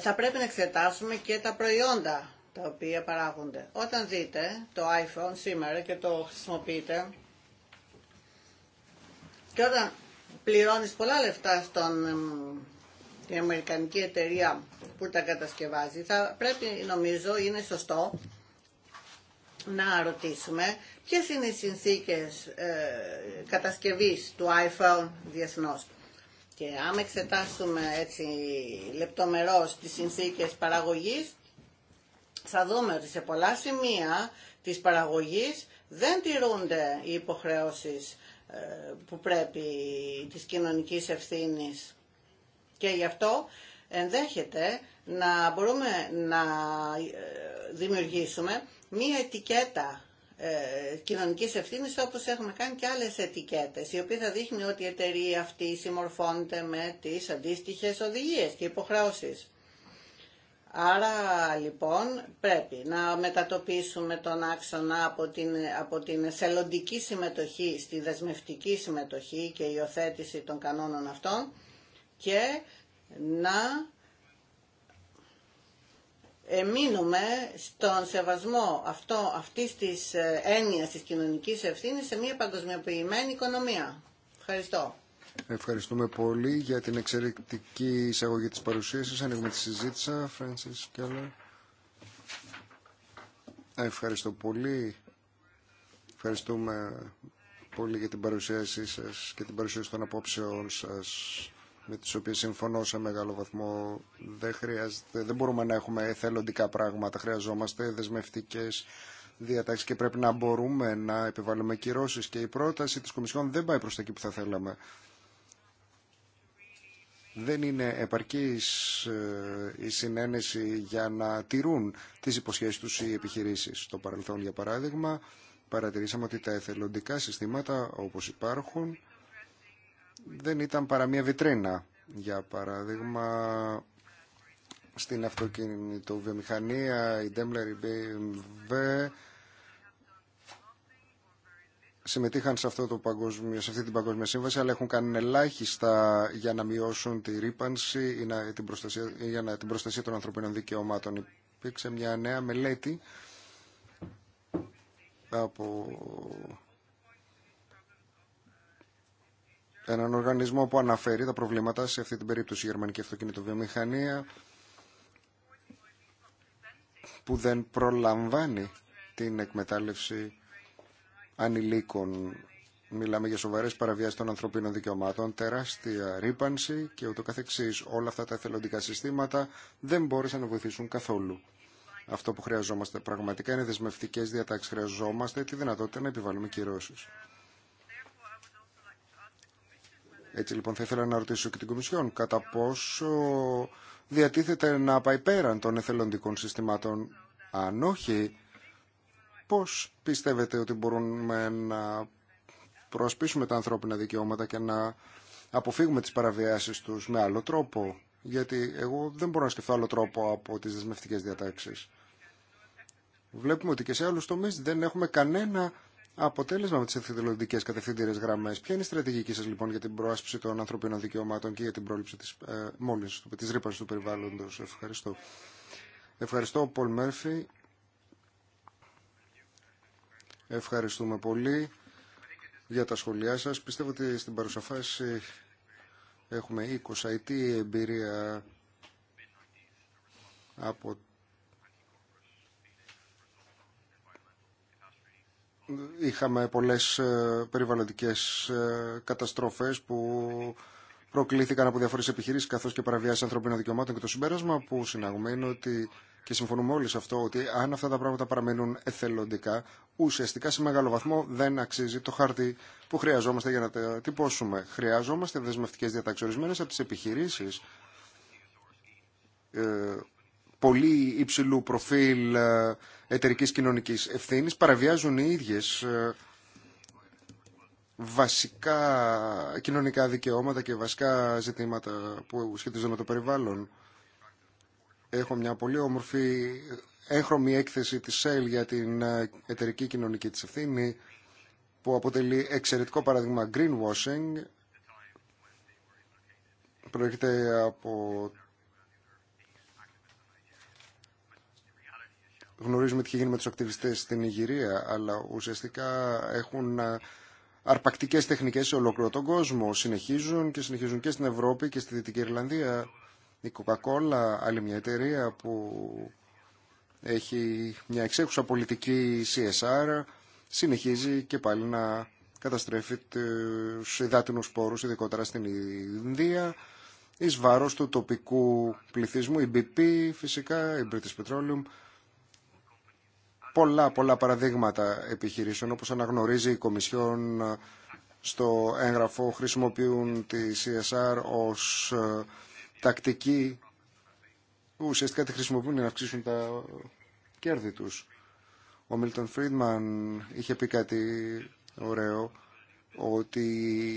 S1: θα πρέπει να εξετάσουμε και τα προϊόντα τα οποία παράγονται. Όταν δείτε το iPhone σήμερα και το χρησιμοποιείτε και όταν πληρώνεις πολλά λεφτά στον, την Αμερικανική εταιρεία που τα κατασκευάζει. Θα πρέπει, νομίζω, είναι σωστό να ρωτήσουμε ποιες είναι οι συνθήκες ε, κατασκευής του iPhone διεθνώς. Και άμα εξετάσουμε έτσι λεπτομερώς τις συνθήκες παραγωγής, θα δούμε ότι σε πολλά σημεία της παραγωγής δεν τηρούνται οι υποχρεώσεις ε, που πρέπει της κοινωνικής ευθύνης. Και γι' αυτό ενδέχεται να μπορούμε να ε, δημιουργήσουμε μία ετικέτα ε, κοινωνικής ευθύνης όπως έχουμε κάνει και άλλες ετικέτες, οι οποίες θα δείχνει ότι η εταιρεία αυτή συμμορφώνεται με τις αντίστοιχες οδηγίες και υποχρεώσεις. Άρα λοιπόν πρέπει να μετατοπίσουμε τον άξονα από την, από την εθελοντική συμμετοχή στη δεσμευτική συμμετοχή και υιοθέτηση των κανόνων αυτών και να μείνουμε στον σεβασμό αυτό, αυτής της ε, έννοιας της κοινωνικής ευθύνης σε μια παγκοσμιοποιημένη οικονομία. Ευχαριστώ.
S2: Ευχαριστούμε πολύ για την εξαιρετική εισαγωγή της παρουσίας σας. Ανοίγουμε τη συζήτηση. Φρανσίς Κέλλερ. Ευχαριστώ πολύ. Ευχαριστούμε πολύ για την παρουσίασή σας και την παρουσίαση των απόψεών σας με τις οποίες συμφωνώ σε μεγάλο βαθμό. Δεν, χρειάζεται, δεν μπορούμε να έχουμε εθελοντικά πράγματα. Χρειαζόμαστε δεσμευτικές διατάξεις και πρέπει να μπορούμε να επιβάλλουμε κυρώσει Και η πρόταση της Κομισιόν δεν πάει προς τα εκεί που θα θέλαμε δεν είναι επαρκής ε, η συνένεση για να τηρούν τις υποσχέσεις τους οι επιχειρήσεις. Στο παρελθόν, για παράδειγμα, παρατηρήσαμε ότι τα εθελοντικά συστήματα όπως υπάρχουν δεν ήταν παρά μια βιτρίνα. Για παράδειγμα, στην αυτοκινητοβιομηχανία, η Daimler, η BMW συμμετείχαν σε, αυτό το παγκόσμιο, σε αυτή την παγκόσμια σύμβαση, αλλά έχουν κάνει ελάχιστα για να μειώσουν τη ρήπανση ή, να, την, προστασία, για να, την προστασία των ανθρωπίνων δικαιωμάτων. Υπήρξε μια νέα μελέτη από έναν οργανισμό που αναφέρει τα προβλήματα σε αυτή την περίπτωση η γερμανική αυτοκινητοβιομηχανία που δεν προλαμβάνει την εκμετάλλευση ανηλίκων. Μιλάμε για σοβαρές παραβιάσεις των ανθρωπίνων δικαιωμάτων, τεράστια ρήπανση και ούτω καθεξής. Όλα αυτά τα εθελοντικά συστήματα δεν μπόρεσαν να βοηθήσουν καθόλου. Αυτό που χρειαζόμαστε πραγματικά είναι δεσμευτικές διατάξεις. Χρειαζόμαστε τη δυνατότητα να επιβάλλουμε κυρώσει. Έτσι λοιπόν θα ήθελα να ρωτήσω και την Κομισιόν κατά πόσο διατίθεται να πάει πέραν των εθελοντικών συστημάτων. Αν όχι, Πώς πιστεύετε ότι μπορούμε να προασπίσουμε τα ανθρώπινα δικαιώματα και να αποφύγουμε τις παραβιάσεις τους με άλλο τρόπο. Γιατί εγώ δεν μπορώ να σκεφτώ άλλο τρόπο από τις δεσμευτικές διατάξεις. Βλέπουμε ότι και σε άλλους τομείς δεν έχουμε κανένα αποτέλεσμα με τις εθελοντικές κατευθυντήρες γραμμές. Ποια είναι η στρατηγική σας λοιπόν για την προάσπιση των ανθρωπίνων δικαιωμάτων και για την πρόληψη της ε, τη της ρήπανσης του περιβάλλοντος. Ευχαριστώ. Ευχαριστώ, Πολ Μέρφυ. Ευχαριστούμε πολύ για τα σχόλιά σας. Πιστεύω ότι στην φάση έχουμε 20 ετή εμπειρία από είχαμε πολλές ε, περιβαλλοντικές ε, καταστροφές που προκλήθηκαν από διαφορές επιχειρήσεις καθώς και παραβιάσεις ανθρωπίνων δικαιωμάτων και το συμπέρασμα που συναγούμε ότι και συμφωνούμε όλοι σε αυτό ότι αν αυτά τα πράγματα παραμένουν εθελοντικά, ουσιαστικά σε μεγάλο βαθμό δεν αξίζει το χάρτη που χρειαζόμαστε για να τα τυπώσουμε. Χρειαζόμαστε δεσμευτικέ διατάξει ορισμένε από τι επιχειρήσει ε, πολύ υψηλού προφίλ ε, εταιρική κοινωνική ευθύνη παραβιάζουν οι ίδιε ε, βασικά κοινωνικά δικαιώματα και βασικά ζητήματα που σχετίζονται με το περιβάλλον. Έχω μια πολύ όμορφη έγχρωμη έκθεση της ΣΕΛ για την ε, εταιρική κοινωνική της ευθύνη που αποτελεί εξαιρετικό παραδείγμα greenwashing. Προέρχεται από... Γνωρίζουμε τι έχει γίνει με τους ακτιβιστές στην Ιγυρία, αλλά ουσιαστικά έχουν ε, αρπακτικές τεχνικές σε ολόκληρο τον κόσμο. Συνεχίζουν και συνεχίζουν και στην Ευρώπη και στη Δυτική Ιρλανδία η Coca-Cola, άλλη μια εταιρεία που έχει μια εξέχουσα πολιτική CSR, συνεχίζει και πάλι να καταστρέφει τους υδάτινους πόρους, ειδικότερα στην Ινδία, εις βάρος του τοπικού πληθυσμού, η BP φυσικά, η British Petroleum, πολλά πολλά παραδείγματα επιχειρήσεων, όπως αναγνωρίζει η Κομισιόν στο έγγραφο, χρησιμοποιούν τη CSR ως ε, τακτική που ουσιαστικά τη χρησιμοποιούν για να αυξήσουν τα κέρδη τους. Ο Μίλτον Φρίντμαν είχε πει κάτι ωραίο ότι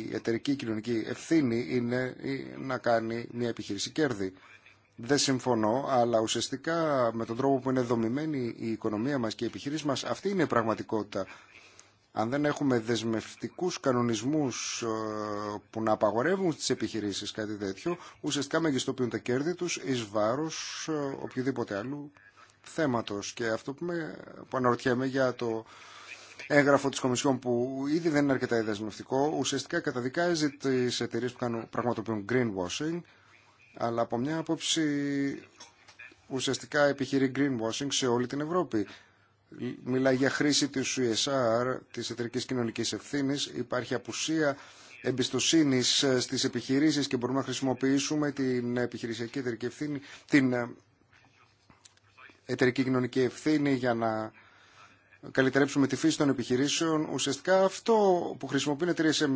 S2: η εταιρική κοινωνική ευθύνη είναι να κάνει μια επιχείρηση κέρδη. Δεν συμφωνώ, αλλά ουσιαστικά με τον τρόπο που είναι δομημένη η οικονομία μας και η επιχείρηση μας, αυτή είναι η πραγματικότητα αν δεν έχουμε δεσμευτικούς κανονισμούς ε, που να απαγορεύουν στις επιχειρήσεις κάτι τέτοιο, ουσιαστικά μεγιστοποιούν τα κέρδη τους εις βάρος ε, οποιοδήποτε άλλου θέματος. Και αυτό που, με, που αναρωτιέμαι για το έγγραφο της Κομισιόν που ήδη δεν είναι αρκετά δεσμευτικό, ουσιαστικά καταδικάζει τις εταιρείες που κάνουν, πραγματοποιούν greenwashing, αλλά από μια άποψη ουσιαστικά επιχειρεί greenwashing σε όλη την Ευρώπη μιλάει για χρήση της USR, της εταιρικής κοινωνικής ευθύνης. Υπάρχει απουσία εμπιστοσύνης ε, στις επιχειρήσεις και μπορούμε να χρησιμοποιήσουμε την επιχειρησιακή εταιρική ευθύνη, την ε, εταιρική κοινωνική ευθύνη για να καλυτερέψουμε τη φύση των επιχειρήσεων. Ουσιαστικά αυτό που χρησιμοποιούν εταιρείε σε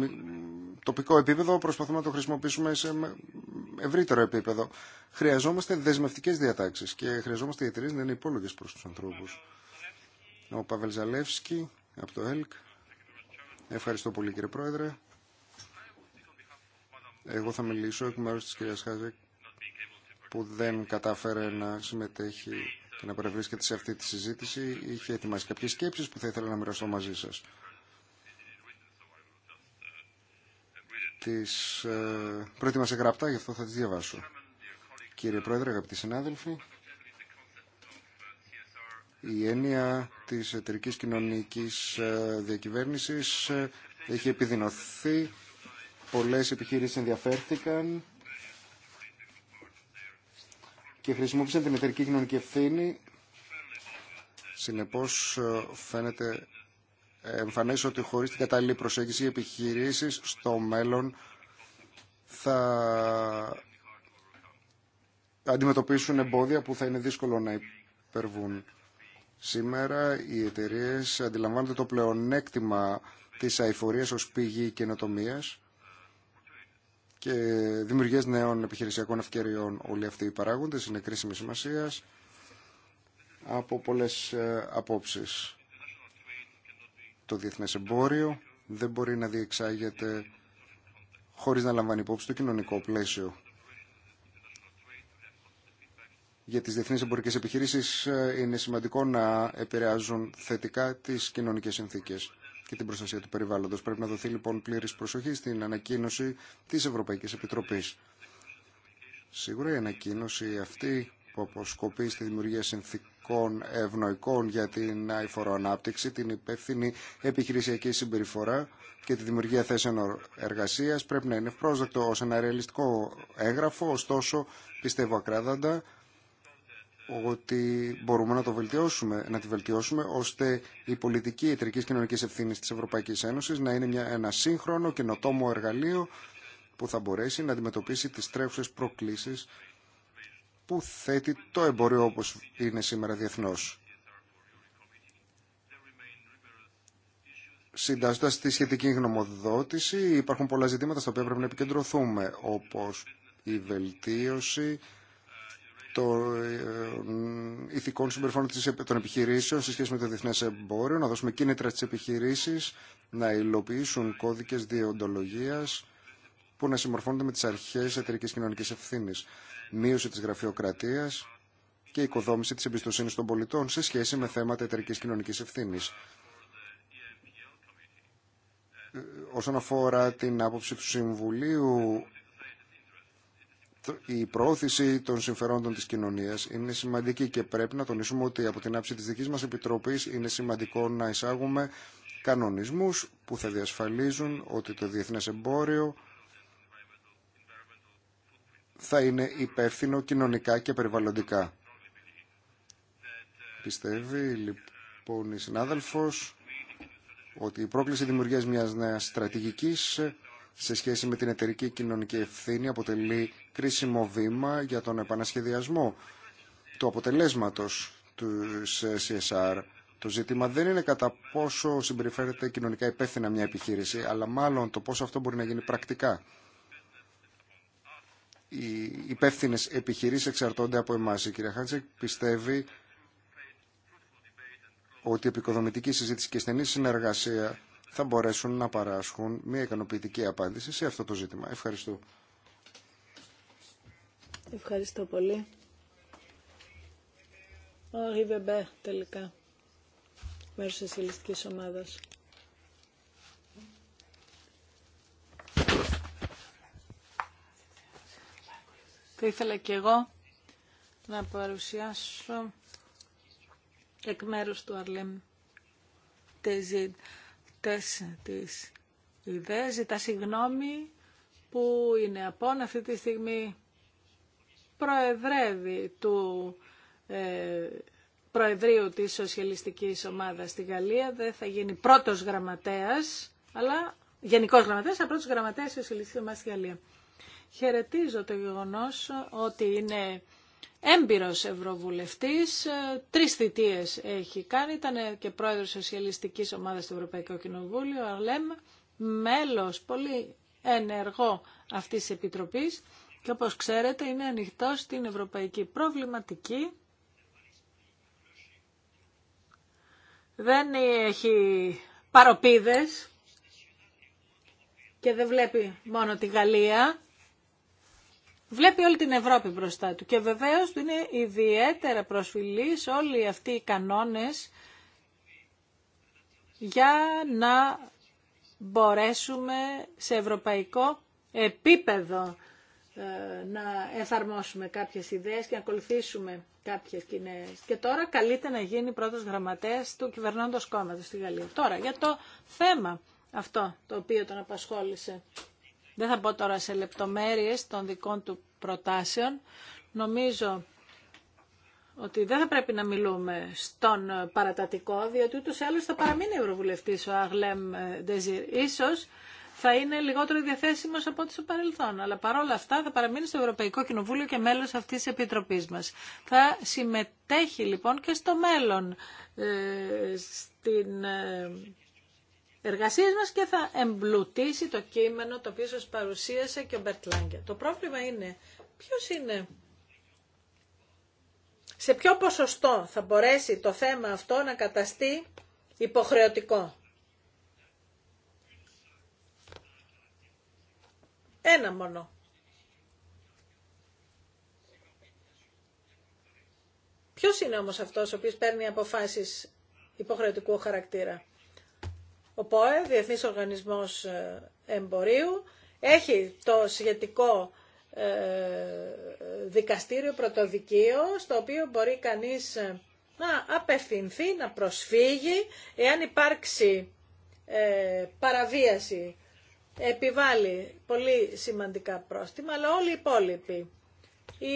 S2: τοπικό επίπεδο προσπαθούμε να το χρησιμοποιήσουμε σε ευρύτερο επίπεδο. Χρειαζόμαστε δεσμευτικές διατάξεις και χρειαζόμαστε οι εταιρείε να είναι υπόλογες προς τους ανθρώπους. Ο Παβελ Ζαλεύσκη από το ΕΛΚ. Ευχαριστώ πολύ κύριε Πρόεδρε. Εγώ θα μιλήσω εκ μέρους της κυρίας Χάζεκ που δεν κατάφερε να συμμετέχει και να παρευρίσκεται σε αυτή τη συζήτηση. Είχε ετοιμάσει κάποιες σκέψεις που θα ήθελα να μοιραστώ μαζί σας. Τις ε, σε γραπτά, γι' αυτό θα τις διαβάσω. Κύριε Πρόεδρε, αγαπητοί συνάδελφοι, η έννοια της εταιρικής κοινωνικής ε, διακυβέρνησης ε, έχει επιδεινωθεί. Πολλές επιχείρησεις ενδιαφέρθηκαν και χρησιμοποίησαν την εταιρική κοινωνική ευθύνη. Συνεπώς ε, φαίνεται εμφανές ότι χωρίς την κατάλληλη προσέγγιση οι επιχειρήσεις στο μέλλον θα αντιμετωπίσουν εμπόδια που θα είναι δύσκολο να υπερβούν. Σήμερα οι εταιρείε αντιλαμβάνονται το πλεονέκτημα της αηφορίας ως πηγή καινοτομία και δημιουργίας νέων επιχειρησιακών ευκαιριών. Όλοι αυτοί οι παράγοντε είναι κρίσιμη σημασία από πολλές ε, απόψεις. Το διεθνές εμπόριο δεν μπορεί να διεξάγεται χωρίς να λαμβάνει υπόψη το κοινωνικό πλαίσιο για τις διεθνείς εμπορικές επιχειρήσεις ε, είναι σημαντικό να επηρεάζουν θετικά τις κοινωνικές συνθήκες και την προστασία του περιβάλλοντος. Πρέπει να δοθεί λοιπόν πλήρης προσοχή στην ανακοίνωση της Ευρωπαϊκής Επιτροπής. Σίγουρα η ανακοίνωση αυτή που αποσκοπεί στη δημιουργία συνθήκων ευνοϊκών για την αηφοροανάπτυξη, την υπεύθυνη επιχειρησιακή συμπεριφορά και τη δημιουργία θέσεων εργασίας πρέπει να είναι ευπρόσδεκτο ως ένα ρεαλιστικό έγγραφο, ωστόσο πιστεύω ακράδαντα ότι μπορούμε να το βελτιώσουμε, να τη βελτιώσουμε ώστε η πολιτική ιατρική κοινωνική ευθύνη τη Ευρωπαϊκή Ένωση να είναι μια, ένα σύγχρονο καινοτόμο εργαλείο που θα μπορέσει να αντιμετωπίσει τι τρέχουσε προκλήσει που θέτει το εμπόριο όπω είναι σήμερα διεθνώ. Συντάσσοντα τη σχετική γνωμοδότηση υπάρχουν πολλά ζητήματα στα οποία πρέπει να επικεντρωθούμε όπω η βελτίωση των ε, ηθικών συμπεριφορών των επιχειρήσεων σε σχέση με το διεθνέ εμπόριο, να δώσουμε κίνητρα στις επιχειρήσεις, να υλοποιήσουν κώδικες διοντολογία που να συμμορφώνονται με τις αρχές εταιρική κοινωνικής ευθύνης, μείωση της γραφειοκρατίας και οικοδόμηση της εμπιστοσύνης των πολιτών σε σχέση με θέματα εταιρική κοινωνική ευθύνη. Ε, όσον αφορά την άποψη του Συμβουλίου η προώθηση των συμφερόντων της κοινωνίας είναι σημαντική και πρέπει να τονίσουμε ότι από την άψη της δικής μας Επιτροπής είναι σημαντικό να εισάγουμε κανονισμούς που θα διασφαλίζουν ότι το διεθνές εμπόριο θα είναι υπεύθυνο κοινωνικά και περιβαλλοντικά. Πιστεύει λοιπόν η συνάδελφος ότι η πρόκληση δημιουργίας μιας νέας στρατηγικής σε σχέση με την εταιρική κοινωνική ευθύνη αποτελεί κρίσιμο βήμα για τον επανασχεδιασμό του αποτελέσματος του CSR. Το ζήτημα δεν είναι κατά πόσο συμπεριφέρεται κοινωνικά υπεύθυνα μια επιχείρηση, αλλά μάλλον το πόσο αυτό μπορεί να γίνει πρακτικά. Οι υπεύθυνε επιχειρήσει εξαρτώνται από εμά. Η κυρία Χάντσεκ πιστεύει ότι η επικοδομητική συζήτηση και η στενή συνεργασία θα μπορέσουν να παράσχουν μια ικανοποιητική απάντηση σε αυτό το ζήτημα. Ευχαριστώ.
S3: Ευχαριστώ πολύ. Ο Ριβεμπέ τελικά, μέρος της ελιστικής ομάδας. Θα ήθελα και εγώ να παρουσιάσω εκ μέρους του Αρλέμ Τεζίν αυτές τις ιδέες. Ζητά συγγνώμη που είναι απόν αυτή τη στιγμή προεδρεύει του ε, Προεδρείου της Σοσιαλιστικής Ομάδας στη Γαλλία. Δεν θα γίνει πρώτος γραμματέας, αλλά γενικός γραμματέας, αλλά πρώτος γραμματέας της Σοσιαλιστικής Ομάδας στη Γαλλία. Χαιρετίζω το γεγονός ότι είναι έμπειρος ευρωβουλευτής, ε, τρεις θητείες έχει κάνει, ήταν και πρόεδρος σοσιαλιστικής ομάδας του Ευρωπαϊκού Κοινοβούλιο, Αρλέμ, μέλος πολύ ενεργό αυτής της Επιτροπής και όπως ξέρετε είναι ανοιχτό στην ευρωπαϊκή προβληματική. Δεν έχει παροπίδες και δεν βλέπει μόνο τη Γαλλία Βλέπει όλη την Ευρώπη μπροστά του και βεβαίως του είναι ιδιαίτερα προσφυλής όλοι αυτοί οι κανόνες για να μπορέσουμε σε ευρωπαϊκό επίπεδο ε, να εφαρμόσουμε κάποιες ιδέες και να ακολουθήσουμε κάποιες κοινέ. Και τώρα καλείται να γίνει πρώτος γραμματέας του κυβερνώντος κόμματος στη Γαλλία. Τώρα, για το θέμα αυτό το οποίο τον απασχόλησε δεν θα πω τώρα σε λεπτομέρειες των δικών του προτάσεων. Νομίζω ότι δεν θα πρέπει να μιλούμε στον παρατατικό, διότι ούτω ή άλλως θα παραμείνει ευρωβουλευτής ο Αγλέμ ε, Ντεζίρ. Ίσως θα είναι λιγότερο διαθέσιμο από ό,τι στο παρελθόν. Αλλά παρόλα αυτά θα παραμείνει στο Ευρωπαϊκό Κοινοβούλιο και μέλο αυτή τη Επιτροπή μα. Θα συμμετέχει λοιπόν και στο μέλλον ε, στην ε, εργασίες μας και θα εμπλουτίσει το κείμενο το οποίο σας παρουσίασε και ο Μπερτ Λάγκε. Το πρόβλημα είναι ποιος είναι, σε ποιο ποσοστό θα μπορέσει το θέμα αυτό να καταστεί υποχρεωτικό. Ένα μόνο. Ποιος είναι όμως αυτός ο οποίος παίρνει αποφάσεις υποχρεωτικού χαρακτήρα. Ο ΠΟΕ, Διεθνής Οργανισμός ε, Εμπορίου, έχει το σχετικό ε, δικαστήριο πρωτοδικείο στο οποίο μπορεί κανείς ε, να απευθυνθεί, να προσφύγει εάν υπάρξει παραβίαση επιβάλλει πολύ σημαντικά πρόστιμα αλλά όλοι οι υπόλοιποι η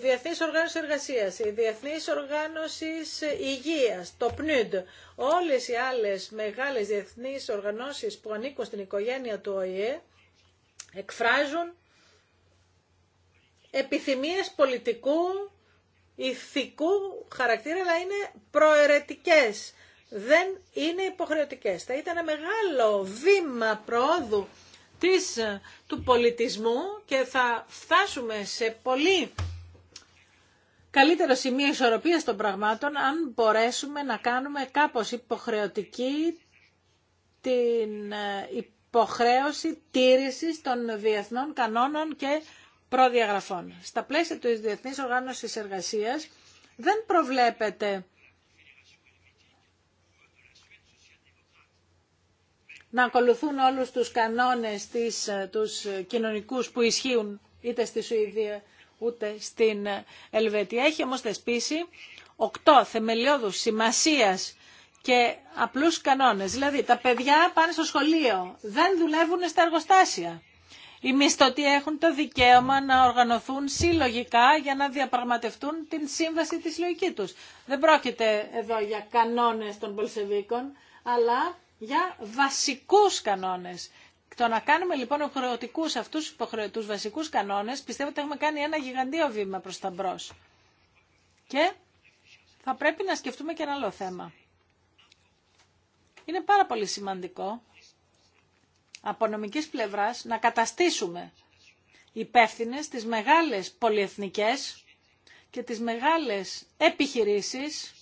S3: Διεθνή Οργάνωση Εργασίας, η Διεθνής Οργάνωση Υγείας, το ΠΝΙΔ, όλες οι άλλες μεγάλες διεθνεί οργανώσει που ανήκουν στην οικογένεια του ΟΗΕ εκφράζουν επιθυμίες πολιτικού, ηθικού χαρακτήρα, αλλά είναι προαιρετικές, δεν είναι υποχρεωτικές. Θα ήταν ένα μεγάλο βήμα προόδου της του πολιτισμού και θα φτάσουμε σε πολύ καλύτερο σημείο ισορροπίας των πραγμάτων αν μπορέσουμε να κάνουμε κάπως υποχρεωτική την ε, υποχρέωση τήρησης των διεθνών κανόνων και προδιαγραφών. Στα πλαίσια της Διεθνής Οργάνωσης Εργασίας δεν προβλέπεται να ακολουθούν όλους τους κανόνες της, ε, τους ε, κοινωνικούς που ισχύουν είτε στη Σουηδία ούτε στην ε, Ελβετία. Έχει όμως θεσπίσει οκτώ θεμελιώδους σημασίας και απλούς κανόνες. Δηλαδή τα παιδιά πάνε στο σχολείο, δεν δουλεύουν στα εργοστάσια. Οι μισθωτοί έχουν το δικαίωμα να οργανωθούν συλλογικά για να διαπραγματευτούν την σύμβαση της λογική τους. Δεν πρόκειται εδώ για κανόνες των πολσεβίκων, αλλά για βασικούς κανόνες. Το να κάνουμε λοιπόν υποχρεωτικού αυτού του υποχρεωτικού βασικού κανόνε, πιστεύω ότι έχουμε κάνει ένα γιγαντίο βήμα προ τα μπρο. Και θα πρέπει να σκεφτούμε και ένα άλλο θέμα. Είναι πάρα πολύ σημαντικό από νομική πλευράς να καταστήσουμε υπεύθυνε τι μεγάλες πολυεθνικές και τις μεγάλες επιχειρήσεις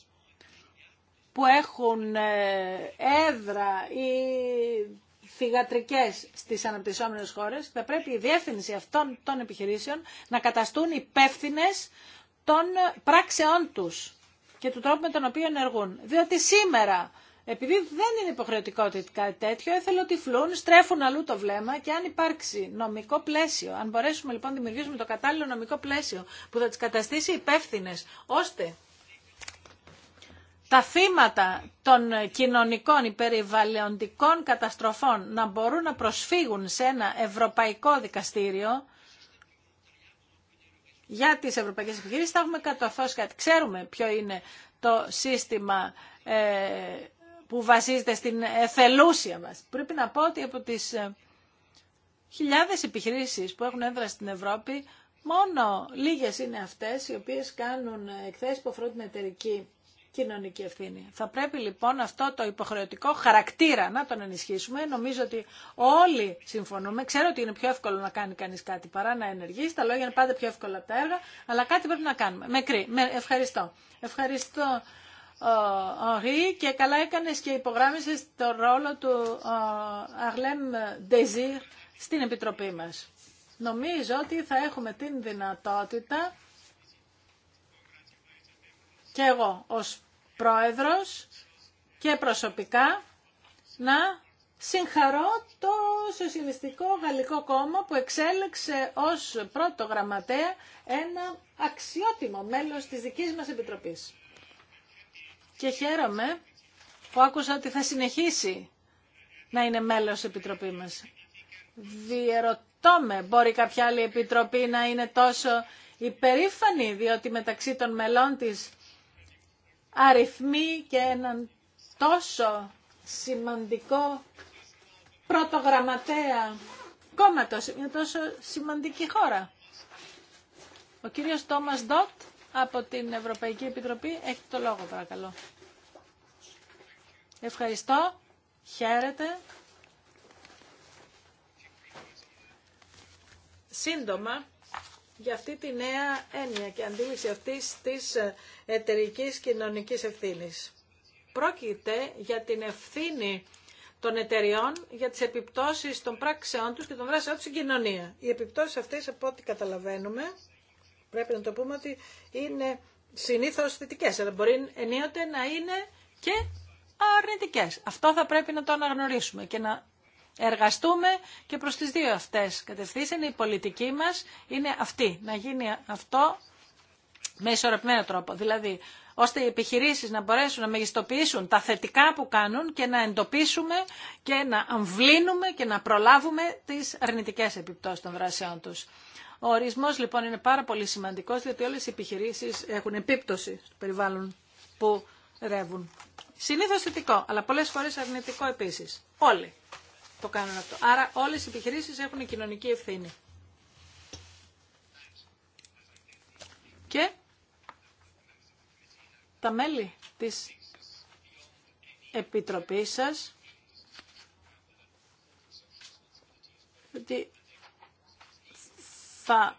S3: που έχουν ε, έδρα ή θυγατρικές στις αναπτυσσόμενες χώρες, θα πρέπει η διεύθυνση αυτών των επιχειρήσεων να καταστούν υπεύθυνε των πράξεών τους και του τρόπου με τον οποίο ενεργούν. Διότι σήμερα, επειδή δεν είναι υποχρεωτικό ότι κάτι τέτοιο, ότι φλούν, στρέφουν αλλού το βλέμμα και αν υπάρξει νομικό πλαίσιο, αν μπορέσουμε λοιπόν να δημιουργήσουμε το κατάλληλο νομικό πλαίσιο που θα τις καταστήσει υπεύθυνε, ώστε τα θύματα των κοινωνικών περιβαλλοντικών καταστροφών να μπορούν να προσφύγουν σε ένα ευρωπαϊκό δικαστήριο για τις ευρωπαϊκές επιχειρήσεις θα έχουμε κατορθώσει κάτι. Ξέρουμε ποιο είναι το σύστημα ε, που βασίζεται στην εθελούσια μας. Πρέπει να πω ότι από τις ε, χιλιάδες επιχειρήσεις που έχουν έδρα στην Ευρώπη, μόνο λίγες είναι αυτές οι οποίες κάνουν ε, εκθέσεις που αφορούν την εταιρική κοινωνική ευθύνη. Θα πρέπει λοιπόν αυτό το υποχρεωτικό χαρακτήρα να τον ενισχύσουμε. Νομίζω ότι όλοι συμφωνούμε. Ξέρω ότι είναι πιο εύκολο να κάνει κανεί κάτι παρά να ενεργεί. Τα λόγια είναι πάντα πιο εύκολα από τα έργα, αλλά κάτι πρέπει να κάνουμε. Μεκρή, με, ευχαριστώ. Ευχαριστώ. Ορί ε, και καλά έκανες και υπογράμμισες το ρόλο του ε, Αγλέμ Ντεζίρ στην Επιτροπή μας. Νομίζω ότι θα έχουμε την δυνατότητα και εγώ ως πρόεδρος και προσωπικά να συγχαρώ το Σοσιαλιστικό Γαλλικό Κόμμα που εξέλεξε ως πρώτο γραμματέα ένα αξιότιμο μέλος της δικής μας Επιτροπής. Και χαίρομαι που άκουσα ότι θα συνεχίσει να είναι μέλος της Επιτροπή μας. Διερωτώ με, μπορεί κάποια άλλη Επιτροπή να είναι τόσο υπερήφανη, διότι μεταξύ των μελών της αριθμοί και έναν τόσο σημαντικό πρωτογραμματέα κόμματος, μια τόσο σημαντική χώρα. Ο κύριος Τόμας Ντότ από την Ευρωπαϊκή Επιτροπή έχει το λόγο παρακαλώ. Ευχαριστώ, χαίρετε. Σύντομα, για αυτή τη νέα έννοια και αντίληψη αυτής της εταιρικής κοινωνικής ευθύνης. Πρόκειται για την ευθύνη των εταιριών για τις επιπτώσεις των πράξεών τους και των δράσεών τους στην κοινωνία. Οι επιπτώσεις αυτές, από ό,τι καταλαβαίνουμε, πρέπει να το πούμε ότι είναι συνήθως θετικές, αλλά μπορεί ενίοτε να είναι και αρνητικές. Αυτό θα πρέπει να το αναγνωρίσουμε και να εργαστούμε και προς τις δύο αυτές κατευθύνσεις. Η πολιτική μας είναι αυτή, να γίνει αυτό με ισορροπημένο τρόπο. Δηλαδή, ώστε οι επιχειρήσεις να μπορέσουν να μεγιστοποιήσουν τα θετικά που κάνουν και να εντοπίσουμε και να αμβλύνουμε και να προλάβουμε τις αρνητικές επιπτώσεις των δράσεών τους. Ο ορισμός λοιπόν είναι πάρα πολύ σημαντικός διότι όλες οι επιχειρήσεις έχουν επίπτωση στο περιβάλλον που ρεύουν. Συνήθως θετικό, αλλά πολλές φορές αρνητικό επίσης. Όλοι το κάνουν αυτό. Άρα όλες οι επιχειρήσεις έχουν κοινωνική ευθύνη. Και τα μέλη της Επιτροπής σας θα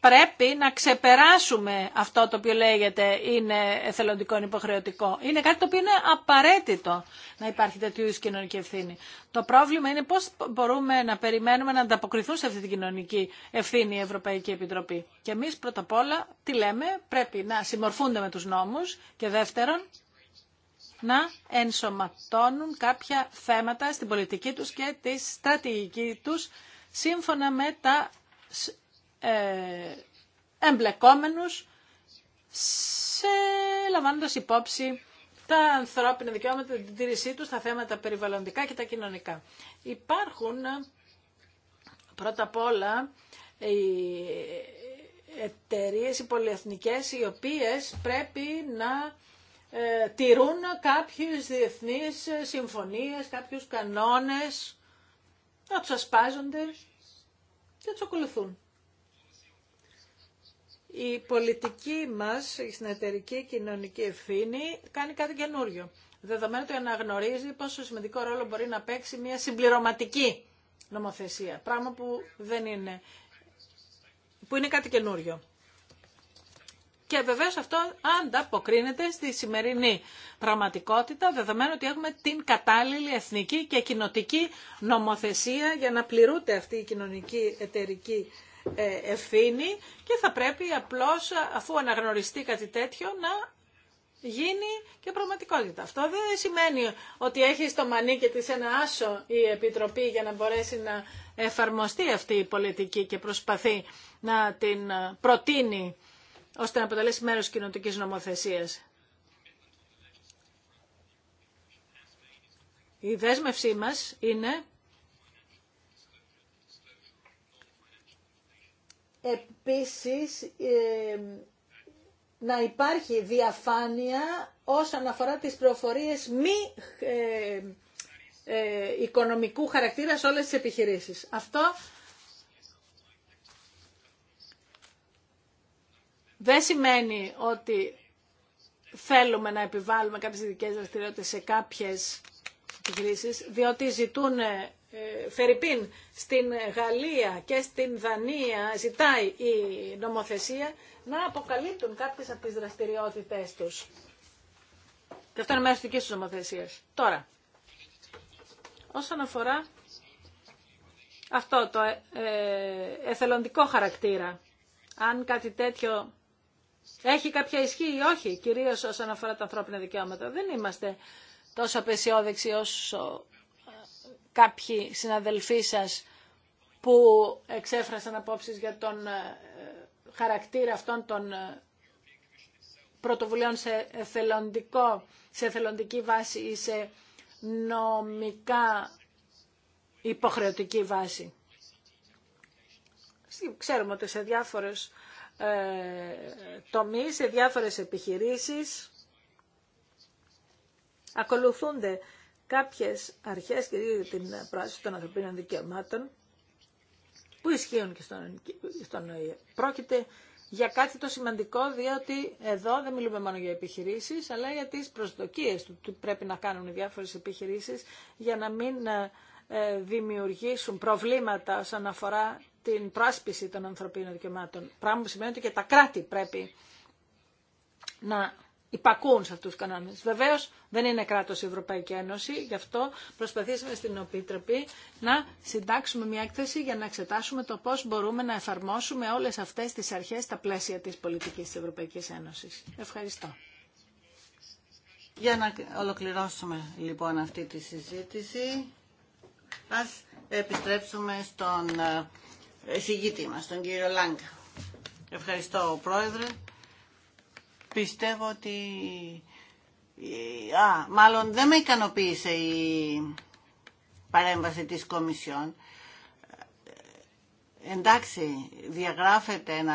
S3: πρέπει να ξεπεράσουμε αυτό το οποίο λέγεται είναι εθελοντικό, είναι υποχρεωτικό. Είναι κάτι το οποίο είναι απαραίτητο να υπάρχει τέτοιου είδου κοινωνική ευθύνη. Το πρόβλημα είναι πώς μπορούμε να περιμένουμε να ανταποκριθούν σε αυτή την κοινωνική ευθύνη η Ευρωπαϊκή Επιτροπή. Και εμείς πρώτα απ' όλα τι λέμε, πρέπει να συμμορφούνται με τους νόμους και δεύτερον να ενσωματώνουν κάποια θέματα στην πολιτική τους και τη στρατηγική τους σύμφωνα με τα ε, εμπλεκόμενους σε λαμβάνοντας υπόψη τα ανθρώπινα δικαιώματα, την τήρησή τους, τα θέματα περιβαλλοντικά και τα κοινωνικά. Υπάρχουν ε, πρώτα απ' όλα οι εταιρείε, οι πολυεθνικές, οι οποίες πρέπει να ε, τηρούν κάποιες διεθνείς συμφωνίες, κάποιους κανόνες, να τους ασπάζονται και τους ακολουθούν η πολιτική μας, η συνεταιρική κοινωνική ευθύνη κάνει κάτι καινούριο. Δεδομένου ότι αναγνωρίζει πόσο σημαντικό ρόλο μπορεί να παίξει μια συμπληρωματική νομοθεσία. Πράγμα που δεν είναι, που είναι κάτι καινούριο. Και βεβαίως αυτό ανταποκρίνεται στη σημερινή πραγματικότητα, δεδομένου ότι έχουμε την κατάλληλη εθνική και κοινοτική νομοθεσία για να πληρούνται αυτή η κοινωνική εταιρική ε, ευθύνη και θα πρέπει απλώς αφού αναγνωριστεί κάτι τέτοιο να γίνει και πραγματικότητα. Αυτό δεν σημαίνει ότι έχει στο μανίκι της ένα άσο η Επιτροπή για να μπορέσει να εφαρμοστεί αυτή η πολιτική και προσπαθεί να την προτείνει ώστε να αποτελέσει μέρος της κοινωτικής νομοθεσίας. Η δέσμευσή μας είναι επίσης ε, να υπάρχει διαφάνεια όσον αφορά τις προφορίες μη ε, ε, οικονομικού χαρακτήρα σε όλες τις επιχειρήσεις. Αυτό δεν σημαίνει ότι θέλουμε να επιβάλλουμε κάποιες ειδικές δραστηριότητες σε κάποιες επιχειρήσεις, διότι ζητούν ε, Φερρυπίν στην Γαλλία και στην Δανία ζητάει η νομοθεσία να αποκαλύπτουν κάποιες από τις δραστηριότητες τους. Και αυτό είναι μέρος δικής νομοθεσίας. Τώρα, όσον αφορά αυτό το ε, ε, εθελοντικό χαρακτήρα, αν κάτι τέτοιο έχει κάποια ισχύ ή όχι, κυρίως όσον αφορά τα ανθρώπινα δικαιώματα, δεν είμαστε τόσο απεσιόδεξοι όσο κάποιοι συναδελφοί σας που εξέφρασαν απόψεις για τον ε, χαρακτήρα αυτών των ε, πρωτοβουλίων σε, εθελοντικό, σε εθελοντική βάση ή σε νομικά υποχρεωτική βάση. Ξέρουμε ότι σε διάφορες ε, τομείς, σε διάφορες επιχειρήσεις ακολουθούνται κάποιες αρχές και για την πράσινη των ανθρωπίνων δικαιωμάτων που ισχύουν και στον, στον ΟΗΕ. Πρόκειται για κάτι το σημαντικό, διότι εδώ δεν μιλούμε μόνο για επιχειρήσεις, αλλά για τις προσδοκίες του τι πρέπει να κάνουν οι διάφορες επιχειρήσεις για να μην ε, ε, δημιουργήσουν προβλήματα όσον αφορά την πράσπιση των ανθρωπίνων δικαιωμάτων. Πράγμα που σημαίνει ότι και τα κράτη πρέπει να υπακούν σε αυτούς τους κανόνες. Βεβαίως δεν είναι κράτος η Ευρωπαϊκή Ένωση, γι' αυτό προσπαθήσαμε στην Επίτροπη να συντάξουμε μια έκθεση για να εξετάσουμε το πώς μπορούμε να εφαρμόσουμε όλες αυτές τις αρχές στα πλαίσια της πολιτικής της Ευρωπαϊκής Ένωσης. Ευχαριστώ.
S1: Για να ολοκληρώσουμε λοιπόν αυτή τη συζήτηση, ας επιστρέψουμε στον ε, εισηγήτη μας, τον κύριο Λάγκα. Ευχαριστώ, Πρόεδρε. Πιστεύω ότι... Ε, α, μάλλον δεν με ικανοποίησε η παρέμβαση της Κομισιόν. Ε, εντάξει, διαγράφεται ένα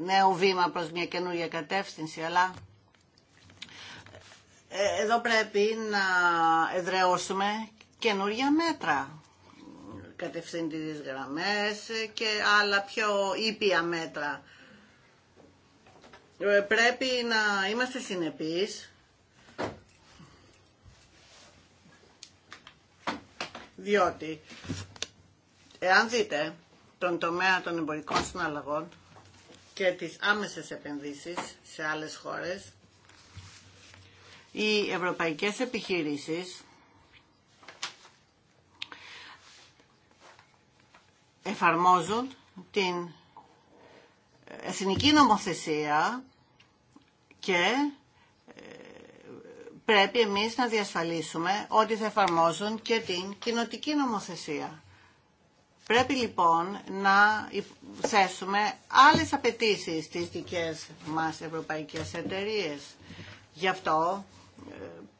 S1: νέο βήμα προς μια καινούργια κατεύθυνση, αλλά ε, εδώ πρέπει να εδραιώσουμε καινούργια μέτρα κατευθυντικές γραμμές και άλλα πιο ήπια μέτρα ε, πρέπει να είμαστε συνεπείς διότι εάν δείτε τον τομέα των εμπορικών συναλλαγών και τις άμεσες επενδύσεις σε άλλες χώρες, οι ευρωπαϊκές επιχειρήσεις εφαρμόζουν την εθνική νομοθεσία και ε, πρέπει εμείς να διασφαλίσουμε ότι θα εφαρμόζουν και την κοινοτική νομοθεσία. Πρέπει λοιπόν να θέσουμε άλλες απαιτήσεις στις δικές μας ευρωπαϊκές εταιρείες. Γι' αυτό ε,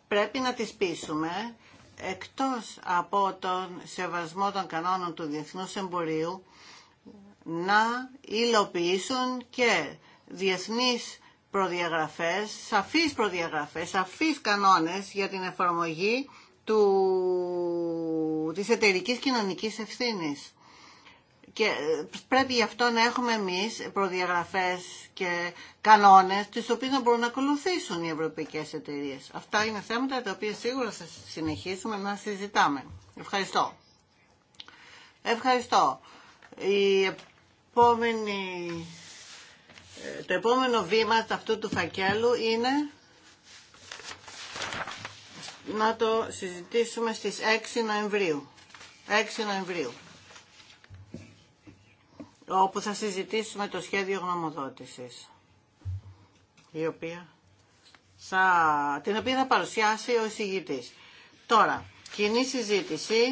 S1: πρέπει να τις πείσουμε εκτός από τον σεβασμό των κανόνων του διεθνούς εμπορίου να υλοποιήσουν και διεθνείς προδιαγραφές, σαφείς προδιαγραφές, σαφείς κανόνες για την εφαρμογή του, της εταιρικής κοινωνικής ευθύνης. Και ε, πρέπει γι' αυτό να έχουμε εμείς προδιαγραφές και κανόνες τις οποίες να μπορούν να ακολουθήσουν οι ευρωπαϊκές εταιρείες. Αυτά είναι θέματα τα οποία σίγουρα θα συνεχίσουμε να συζητάμε. Ευχαριστώ. Ευχαριστώ. Η επόμενη ε, το επόμενο βήμα αυτού του φακέλου είναι να το συζητήσουμε στις 6 Νοεμβρίου. 6 Νοεμβρίου όπου θα συζητήσουμε το σχέδιο γνωμοδότησης η οποία θα, την οποία θα παρουσιάσει ο εισηγητής. Τώρα, κοινή συζήτηση,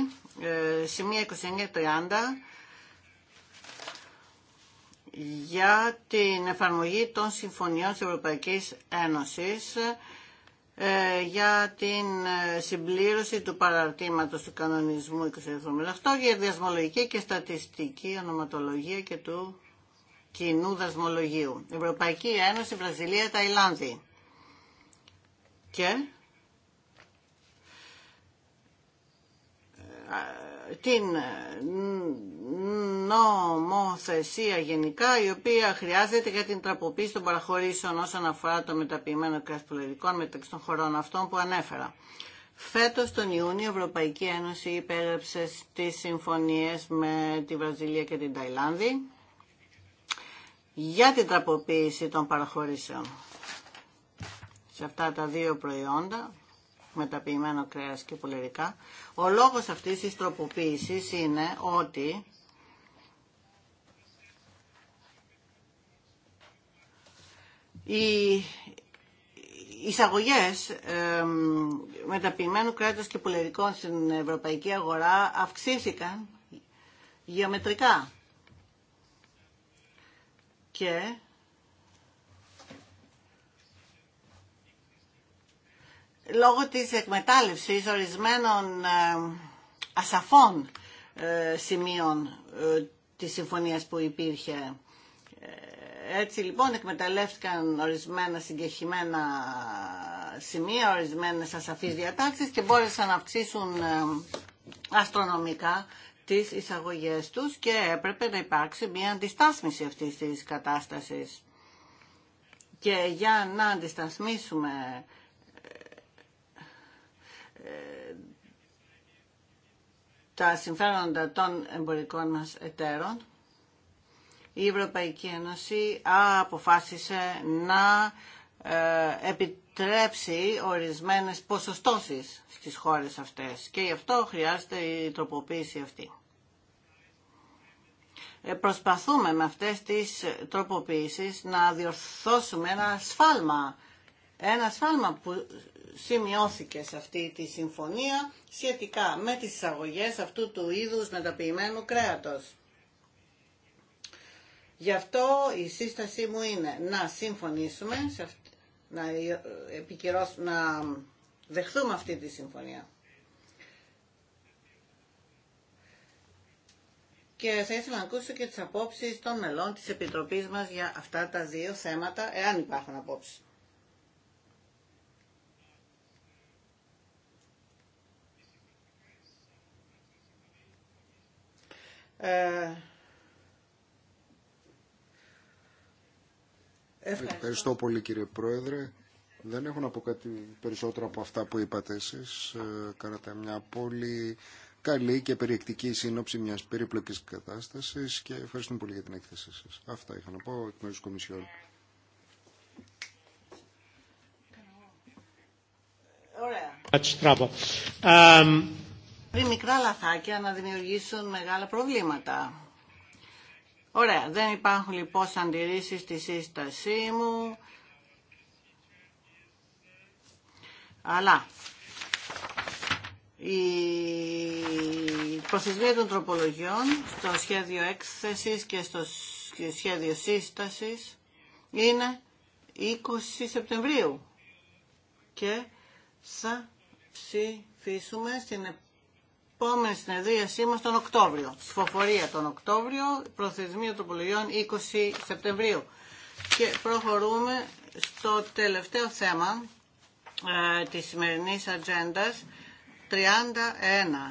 S1: ε, σημεία 29-30, για την εφαρμογή των συμφωνιών της Ευρωπαϊκής Ένωσης ε, για την ε, συμπλήρωση του παραρτήματος του κανονισμού Αυτό για διασμολογική και στατιστική ονοματολογία και του κοινού δασμολογίου. Ευρωπαϊκή Ένωση, Βραζιλία, Ταϊλάνδη. Και ε, την ε, νομοθεσία γενικά η οποία χρειάζεται για την τραποποίηση των παραχωρήσεων όσον αφορά το μεταποιημένο πολιτικών μεταξύ των χωρών αυτών που ανέφερα. Φέτος τον Ιούνιο η Ευρωπαϊκή Ένωση υπέγραψε τις συμφωνίες με τη Βραζιλία και την Ταϊλάνδη για την τραποποίηση των παραχωρήσεων σε αυτά τα δύο προϊόντα με τα κρέας και πουλερικά. Ο λόγος αυτής της τροποποίησης είναι ότι οι εισαγωγές ε, μεταποιημένου κρέατο και πουλερικών στην ευρωπαϊκή αγορά αυξήθηκαν γεωμετρικά. Και λόγω της εκμετάλλευσης ορισμένων ε, ασαφών ε, σημείων ε, της συμφωνίας που υπήρχε. Έτσι λοιπόν εκμεταλλεύτηκαν ορισμένα συγκεχημένα σημεία, ορισμένες ασαφείς διατάξεις και μπόρεσαν να αυξήσουν αστρονομικά τις εισαγωγές τους και έπρεπε να υπάρξει μια αντιστάσμιση αυτής της κατάστασης. Και για να αντισταθμίσουμε τα συμφέροντα των εμπορικών μας εταίρων, η Ευρωπαϊκή Ένωση αποφάσισε να ε, επιτρέψει ορισμένες ποσοστώσεις στις χώρες αυτές και γι' αυτό χρειάζεται η τροποποίηση αυτή. Ε, προσπαθούμε με αυτές τις τροποποίησεις να διορθώσουμε ένα σφάλμα ένα σφάλμα που σημειώθηκε σε αυτή τη συμφωνία σχετικά με τις εισαγωγές αυτού του είδους μεταποιημένου κρέατος. Γι' αυτό η σύστασή μου είναι να συμφωνήσουμε, να, να δεχθούμε αυτή τη συμφωνία. Και θα ήθελα να ακούσω και τις απόψεις των μελών της Επιτροπής μας για αυτά τα δύο θέματα, εάν υπάρχουν απόψεις. Ε,
S2: ευχαριστώ. πολύ κύριε Πρόεδρε. Δεν έχω να πω κάτι περισσότερο από αυτά που είπατε εσείς. Ε, κάνατε μια πολύ καλή και περιεκτική σύνοψη μιας περίπλοκης κατάστασης και ευχαριστούμε πολύ για την έκθεσή σας. Αυτά είχα να πω εκ μέρους Κομισιόν
S1: πριν μικρά λαθάκια να δημιουργήσουν μεγάλα προβλήματα. Ωραία, δεν υπάρχουν λοιπόν αντιρρήσεις στη σύστασή μου. Αλλά η προθεσμία των τροπολογιών στο σχέδιο έκθεσης και στο σχέδιο σύστασης είναι 20 Σεπτεμβρίου και θα ψηφίσουμε στην επόμενη συνεδρίασή μας τον Οκτώβριο. σφοφορία τον Οκτώβριο, προθεσμία των τροπολογιών 20 Σεπτεμβρίου. Και προχωρούμε στο τελευταίο θέμα ε, της σημερινής ατζέντα 31.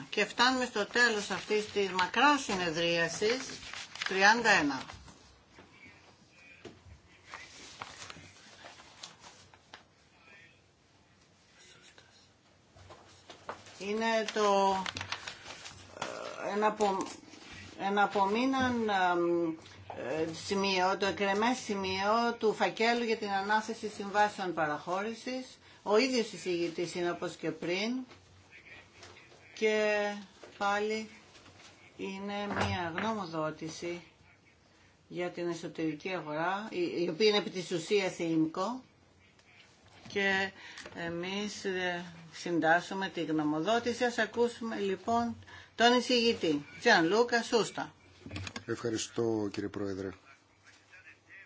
S1: Και φτάνουμε στο τέλος αυτής της μακράς συνεδρίασης 31. Είναι το ένα ε, σημείο, το εκρεμές σημείο του φακέλου για την ανάθεση συμβάσεων παραχώρησης. Ο ίδιος εισηγητής είναι όπως και πριν και πάλι είναι μια γνωμοδότηση για την εσωτερική αγορά, η οποία είναι επί της ουσίας η και εμείς ε, συντάσσουμε τη γνωμοδότηση. Ας ακούσουμε λοιπόν τον εισηγητή. Τζαν Λούκα Σούστα.
S2: Ευχαριστώ κύριε Πρόεδρε.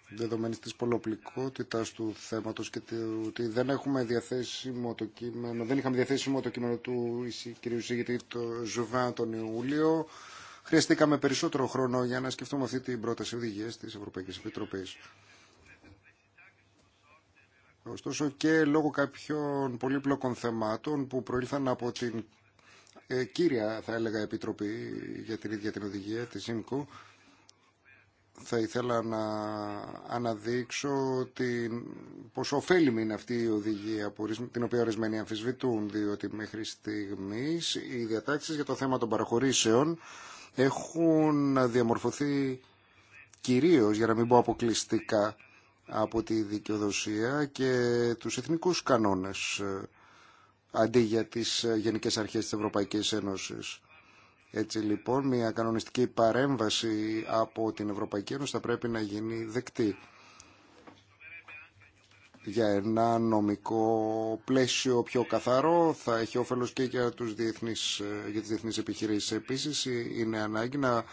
S2: Δεδομένη τη πολλοπλικότητα του θέματο και ότι δεν, έχουμε διαθέσιμο το κείμενο, δεν είχαμε διαθέσιμο το κείμενο του κυρίου Συγητή το Ζουβά τον Ιούλιο, χρειαστήκαμε περισσότερο χρόνο για να σκεφτούμε αυτή την πρόταση οδηγία τη Ευρωπαϊκή Επιτροπή. Ωστόσο και λόγω κάποιων πολύπλοκων θεμάτων που προήλθαν από την ε, κύρια θα έλεγα Επιτροπή για την ίδια την οδηγία της ΣΥΜΚΟ θα ήθελα να αναδείξω την... πόσο ωφέλιμη είναι αυτή η οδηγία την οποία ορισμένοι αμφισβητούν διότι μέχρι στιγμής οι διατάξεις για το θέμα των παραχωρήσεων έχουν διαμορφωθεί κυρίως για να μην πω αποκλειστικά από τη δικαιοδοσία και τους εθνικούς κανόνες αντί για τις ε, γενικές αρχές της Ευρωπαϊκής Ένωσης. Έτσι λοιπόν, μια κανονιστική παρέμβαση από την Ευρωπαϊκή Ένωση θα πρέπει να γίνει δεκτή για ένα νομικό πλαίσιο πιο καθαρό θα έχει όφελος και για, τους διεθνείς, ε, για τις διεθνείς επιχειρήσεις. Επίσης ε, είναι ανάγκη να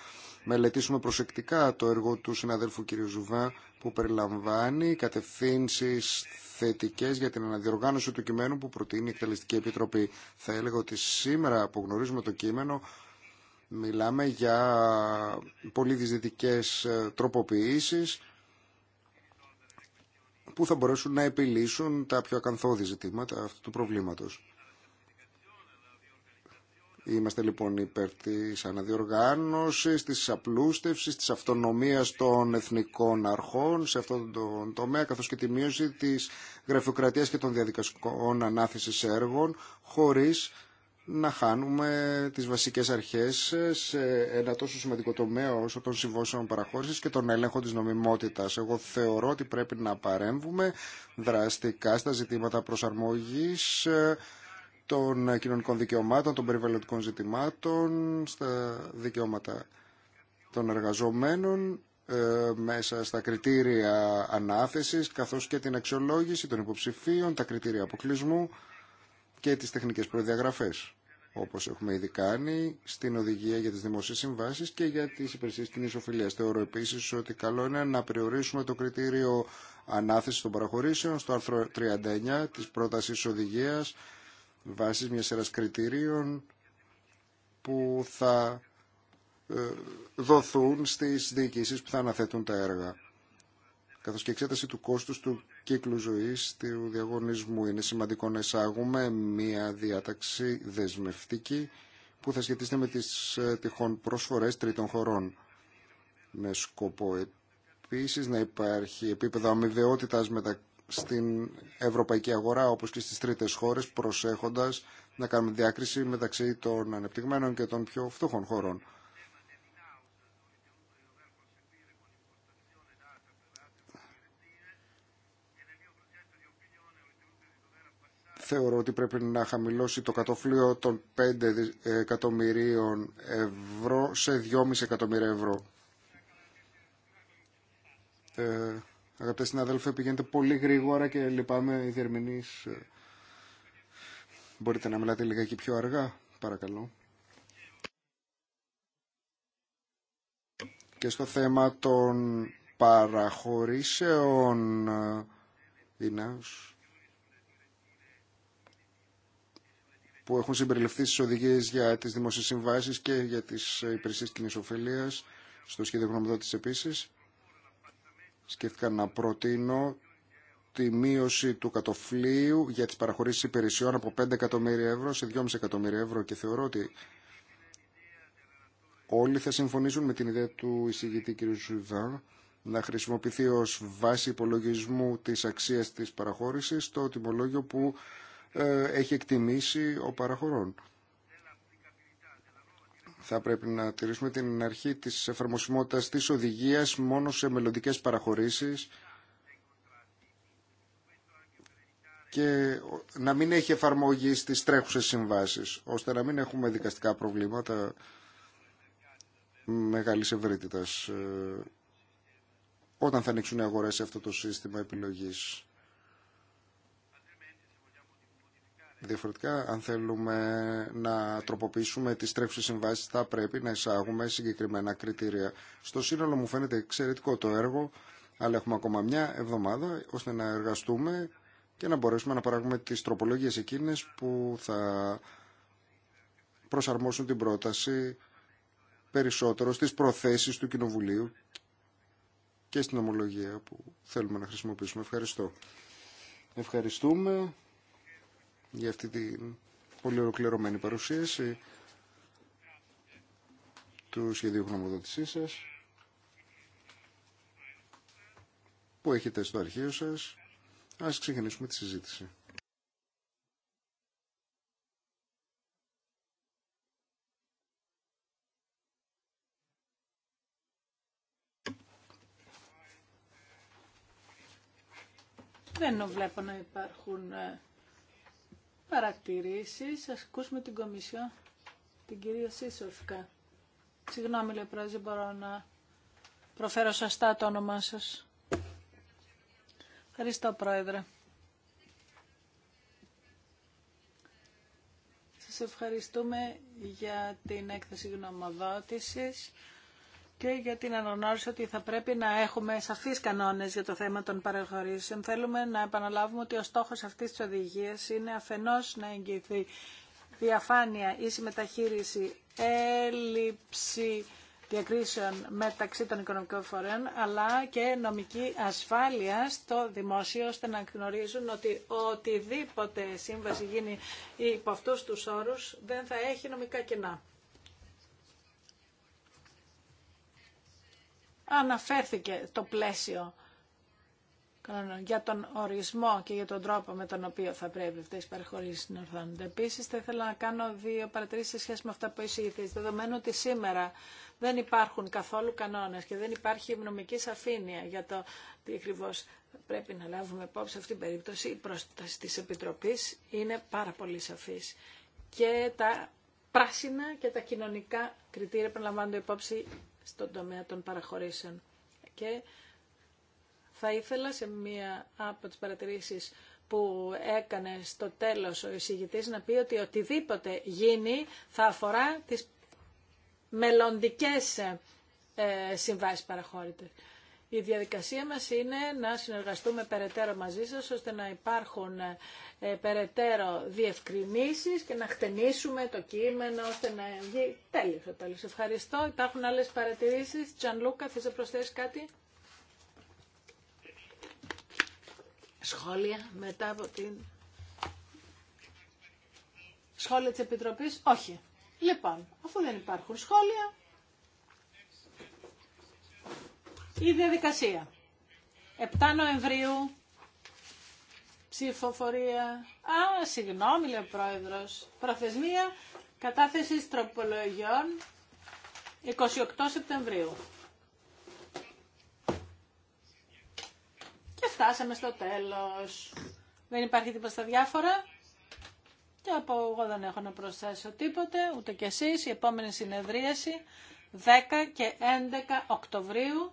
S2: μελετήσουμε προσεκτικά το έργο του συναδέλφου κ. Ζουβά που περιλαμβάνει κατευθύνσεις θετικές για την αναδιοργάνωση του κειμένου που προτείνει η Εκτελεστική Επιτροπή. Θα έλεγα ότι σήμερα που γνωρίζουμε το κείμενο μιλάμε για πολύ δυσδυτικές ε, τροποποιήσεις που θα μπορέσουν να επιλύσουν τα πιο ακαθόδη ζητήματα αυτού του προβλήματος. Είμαστε λοιπόν υπέρ τη αναδιοργάνωση, της απλούστευση της αυτονομίας των εθνικών αρχών σε αυτόν τον τομέα, καθώς και τη μείωση της γραφειοκρατίας και των διαδικασικών ανάθεσης έργων, χωρίς να χάνουμε τις βασικές αρχές σε ένα τόσο σημαντικό τομέα όσο των συμβόσεων παραχώρησης και τον έλεγχο της νομιμότητα. Εγώ θεωρώ ότι πρέπει να παρέμβουμε δραστικά στα ζητήματα προσαρμογής των ε, κοινωνικών δικαιωμάτων, των περιβαλλοντικών ζητημάτων, στα δικαιώματα των εργαζομένων ε, μέσα στα κριτήρια ανάθεσης καθώς και την αξιολόγηση των υποψηφίων, τα κριτήρια αποκλεισμού και τις τεχνικές προδιαγραφές όπως έχουμε ήδη κάνει στην οδηγία για τις δημοσίες συμβάσεις και για τις υπηρεσίες κοινής οφειλίας. Θεωρώ επίσης ότι καλό είναι να περιορίσουμε το κριτήριο ανάθεσης των παραχωρήσεων στο άρθρο 39 της πρότασης οδηγίας βάσει μια σειράς κριτηρίων που θα ε, δοθούν στις διοικήσεις που θα αναθέτουν τα έργα. Καθώς και η εξέταση του κόστους του κύκλου ζωής του διαγωνισμού είναι σημαντικό να εισάγουμε μια διάταξη δεσμευτική που θα σχετίζεται με τις ε, τυχόν προσφορές τρίτων χωρών. Με σκοπό επίσης να υπάρχει επίπεδο αμοιβαιότητας μεταξύ στην ευρωπαϊκή αγορά όπως και στις τρίτες χώρες προσέχοντας να κάνουμε διάκριση μεταξύ των ανεπτυγμένων και των πιο φτωχών χωρών. θεωρώ ότι πρέπει να χαμηλώσει το κατοφλείο των 5 εκατομμυρίων ευρώ σε 2,5 εκατομμύρια ευρώ. Ε, Αγαπητέ συνάδελφε, πηγαίνετε πολύ γρήγορα και λυπάμαι οι διερμηνείς. Ε, μπορείτε να μιλάτε λίγα λιγάκι πιο αργά, παρακαλώ. Και στο θέμα των παραχωρήσεων, ε, που έχουν συμπεριληφθεί στις οδηγίες για τις δημοσίες συμβάσεις και για τις ε, υπηρεσίες κοινής ωφελίας, στο σχέδιο γνωμοδότης επίσης σκέφτηκα να προτείνω τη μείωση του κατοφλίου για τις παραχωρήσεις υπηρεσιών από 5 εκατομμύρια ευρώ σε 2,5 εκατομμύρια ευρώ και θεωρώ ότι όλοι θα συμφωνήσουν με την ιδέα του εισηγητή κ. Ζουδά να χρησιμοποιηθεί ως βάση υπολογισμού της αξίας της παραχώρησης το τιμολόγιο που ε, έχει εκτιμήσει ο παραχωρών θα πρέπει να τηρήσουμε την αρχή της εφαρμοσιμότητας της οδηγίας μόνο σε μελλοντικέ παραχωρήσεις και να μην έχει εφαρμογή στις τρέχουσες συμβάσεις, ώστε να μην έχουμε δικαστικά προβλήματα μεγάλης ευρύτητας ε, όταν θα ανοίξουν οι αγορές σε αυτό το σύστημα επιλογής Διαφορετικά, αν θέλουμε να τροποποιήσουμε τις τρέχουσες συμβάσεις, θα πρέπει να εισάγουμε συγκεκριμένα κριτήρια. Στο σύνολο μου φαίνεται εξαιρετικό το έργο, αλλά έχουμε ακόμα μια εβδομάδα ώστε να εργαστούμε και να μπορέσουμε να παράγουμε τις τροπολογίες εκείνες που θα προσαρμόσουν την πρόταση περισσότερο στις προθέσεις του Κοινοβουλίου και στην ομολογία που θέλουμε να χρησιμοποιήσουμε. Ευχαριστώ. Ευχαριστούμε για αυτή την πολύ ολοκληρωμένη παρουσίαση του σχεδίου γνωμοδότησή σας που έχετε στο αρχείο σας. Ας ξεκινήσουμε τη συζήτηση.
S3: Δεν βλέπω να υπάρχουν ε, παρατηρήσεις. Ας ακούσουμε την Κομισιό, την κυρία Σίσοφκα. Συγγνώμη, λέει πρόεδρε, δεν μπορώ να προφέρω σωστά το όνομά σας. Ευχαριστώ, πρόεδρε. Σας ευχαριστούμε για την έκθεση γνωμοδότησης και για την αναγνώριση ότι θα πρέπει να έχουμε σαφείς κανόνες για το θέμα των παραχωρήσεων. Θέλουμε να επαναλάβουμε ότι ο στόχος αυτής της οδηγίας είναι αφενό να εγγυηθεί διαφάνεια, ή μεταχείριση, έλλειψη διακρίσεων μεταξύ των οικονομικών φορέων, αλλά και νομική ασφάλεια στο δημόσιο, ώστε να γνωρίζουν ότι οτιδήποτε σύμβαση γίνει υπό αυτού του όρου δεν θα έχει νομικά κενά. αναφέρθηκε το πλαίσιο για τον ορισμό και για τον τρόπο με τον οποίο θα πρέπει αυτέ οι παραχωρήσει να ορθώνονται. Επίση, θα ήθελα να κάνω δύο παρατηρήσει σε σχέση με αυτά που εισηγηθεί. Δεδομένου ότι σήμερα δεν υπάρχουν καθόλου κανόνε και δεν υπάρχει νομική σαφήνεια για το τι ακριβώ πρέπει να λάβουμε υπόψη Σε αυτήν την περίπτωση, η πρόσταση τη Επιτροπή είναι πάρα πολύ σαφή. Και τα πράσινα και τα κοινωνικά κριτήρια που λαμβάνονται υπόψη στον τομέα των παραχωρήσεων. Και θα ήθελα σε μία από τις παρατηρήσεις που έκανε στο τέλος ο εισηγητής να πει ότι οτιδήποτε γίνει θα αφορά τις μελλοντικές ε, συμβάσεις παραχώρητες. Η διαδικασία μας είναι να συνεργαστούμε περαιτέρω μαζί σας ώστε να υπάρχουν ε, περαιτέρω διευκρινήσεις και να χτενίσουμε το κείμενο ώστε να βγει τέλειο το τέλος. Ευχαριστώ. Υπάρχουν άλλες παρατηρήσεις. Τζανλούκα, θες να προσθέσεις κάτι. Σχόλια μετά από την... Σχόλια της Επιτροπής. Όχι. Λοιπόν, αφού δεν υπάρχουν σχόλια, Η διαδικασία. 7 Νοεμβρίου ψηφοφορία. Α, συγγνώμη, λέει ο πρόεδρος. Προθεσμία κατάθεσης τροπολογιών 28 Σεπτεμβρίου. Και φτάσαμε στο τέλος. Δεν υπάρχει τίποτα στα διάφορα. Και από εγώ δεν έχω να προσθέσω τίποτε, ούτε κι εσείς. Η επόμενη συνεδρίαση 10 και 11 Οκτωβρίου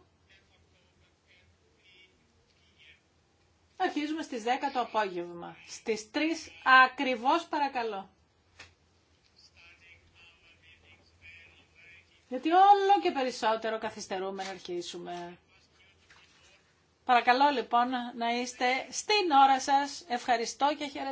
S3: Αρχίζουμε στις 10 το απόγευμα. Στις 3 ακριβώς παρακαλώ. Γιατί όλο και περισσότερο καθυστερούμε να αρχίσουμε. Παρακαλώ λοιπόν να είστε στην ώρα σας. Ευχαριστώ και χαιρετώ.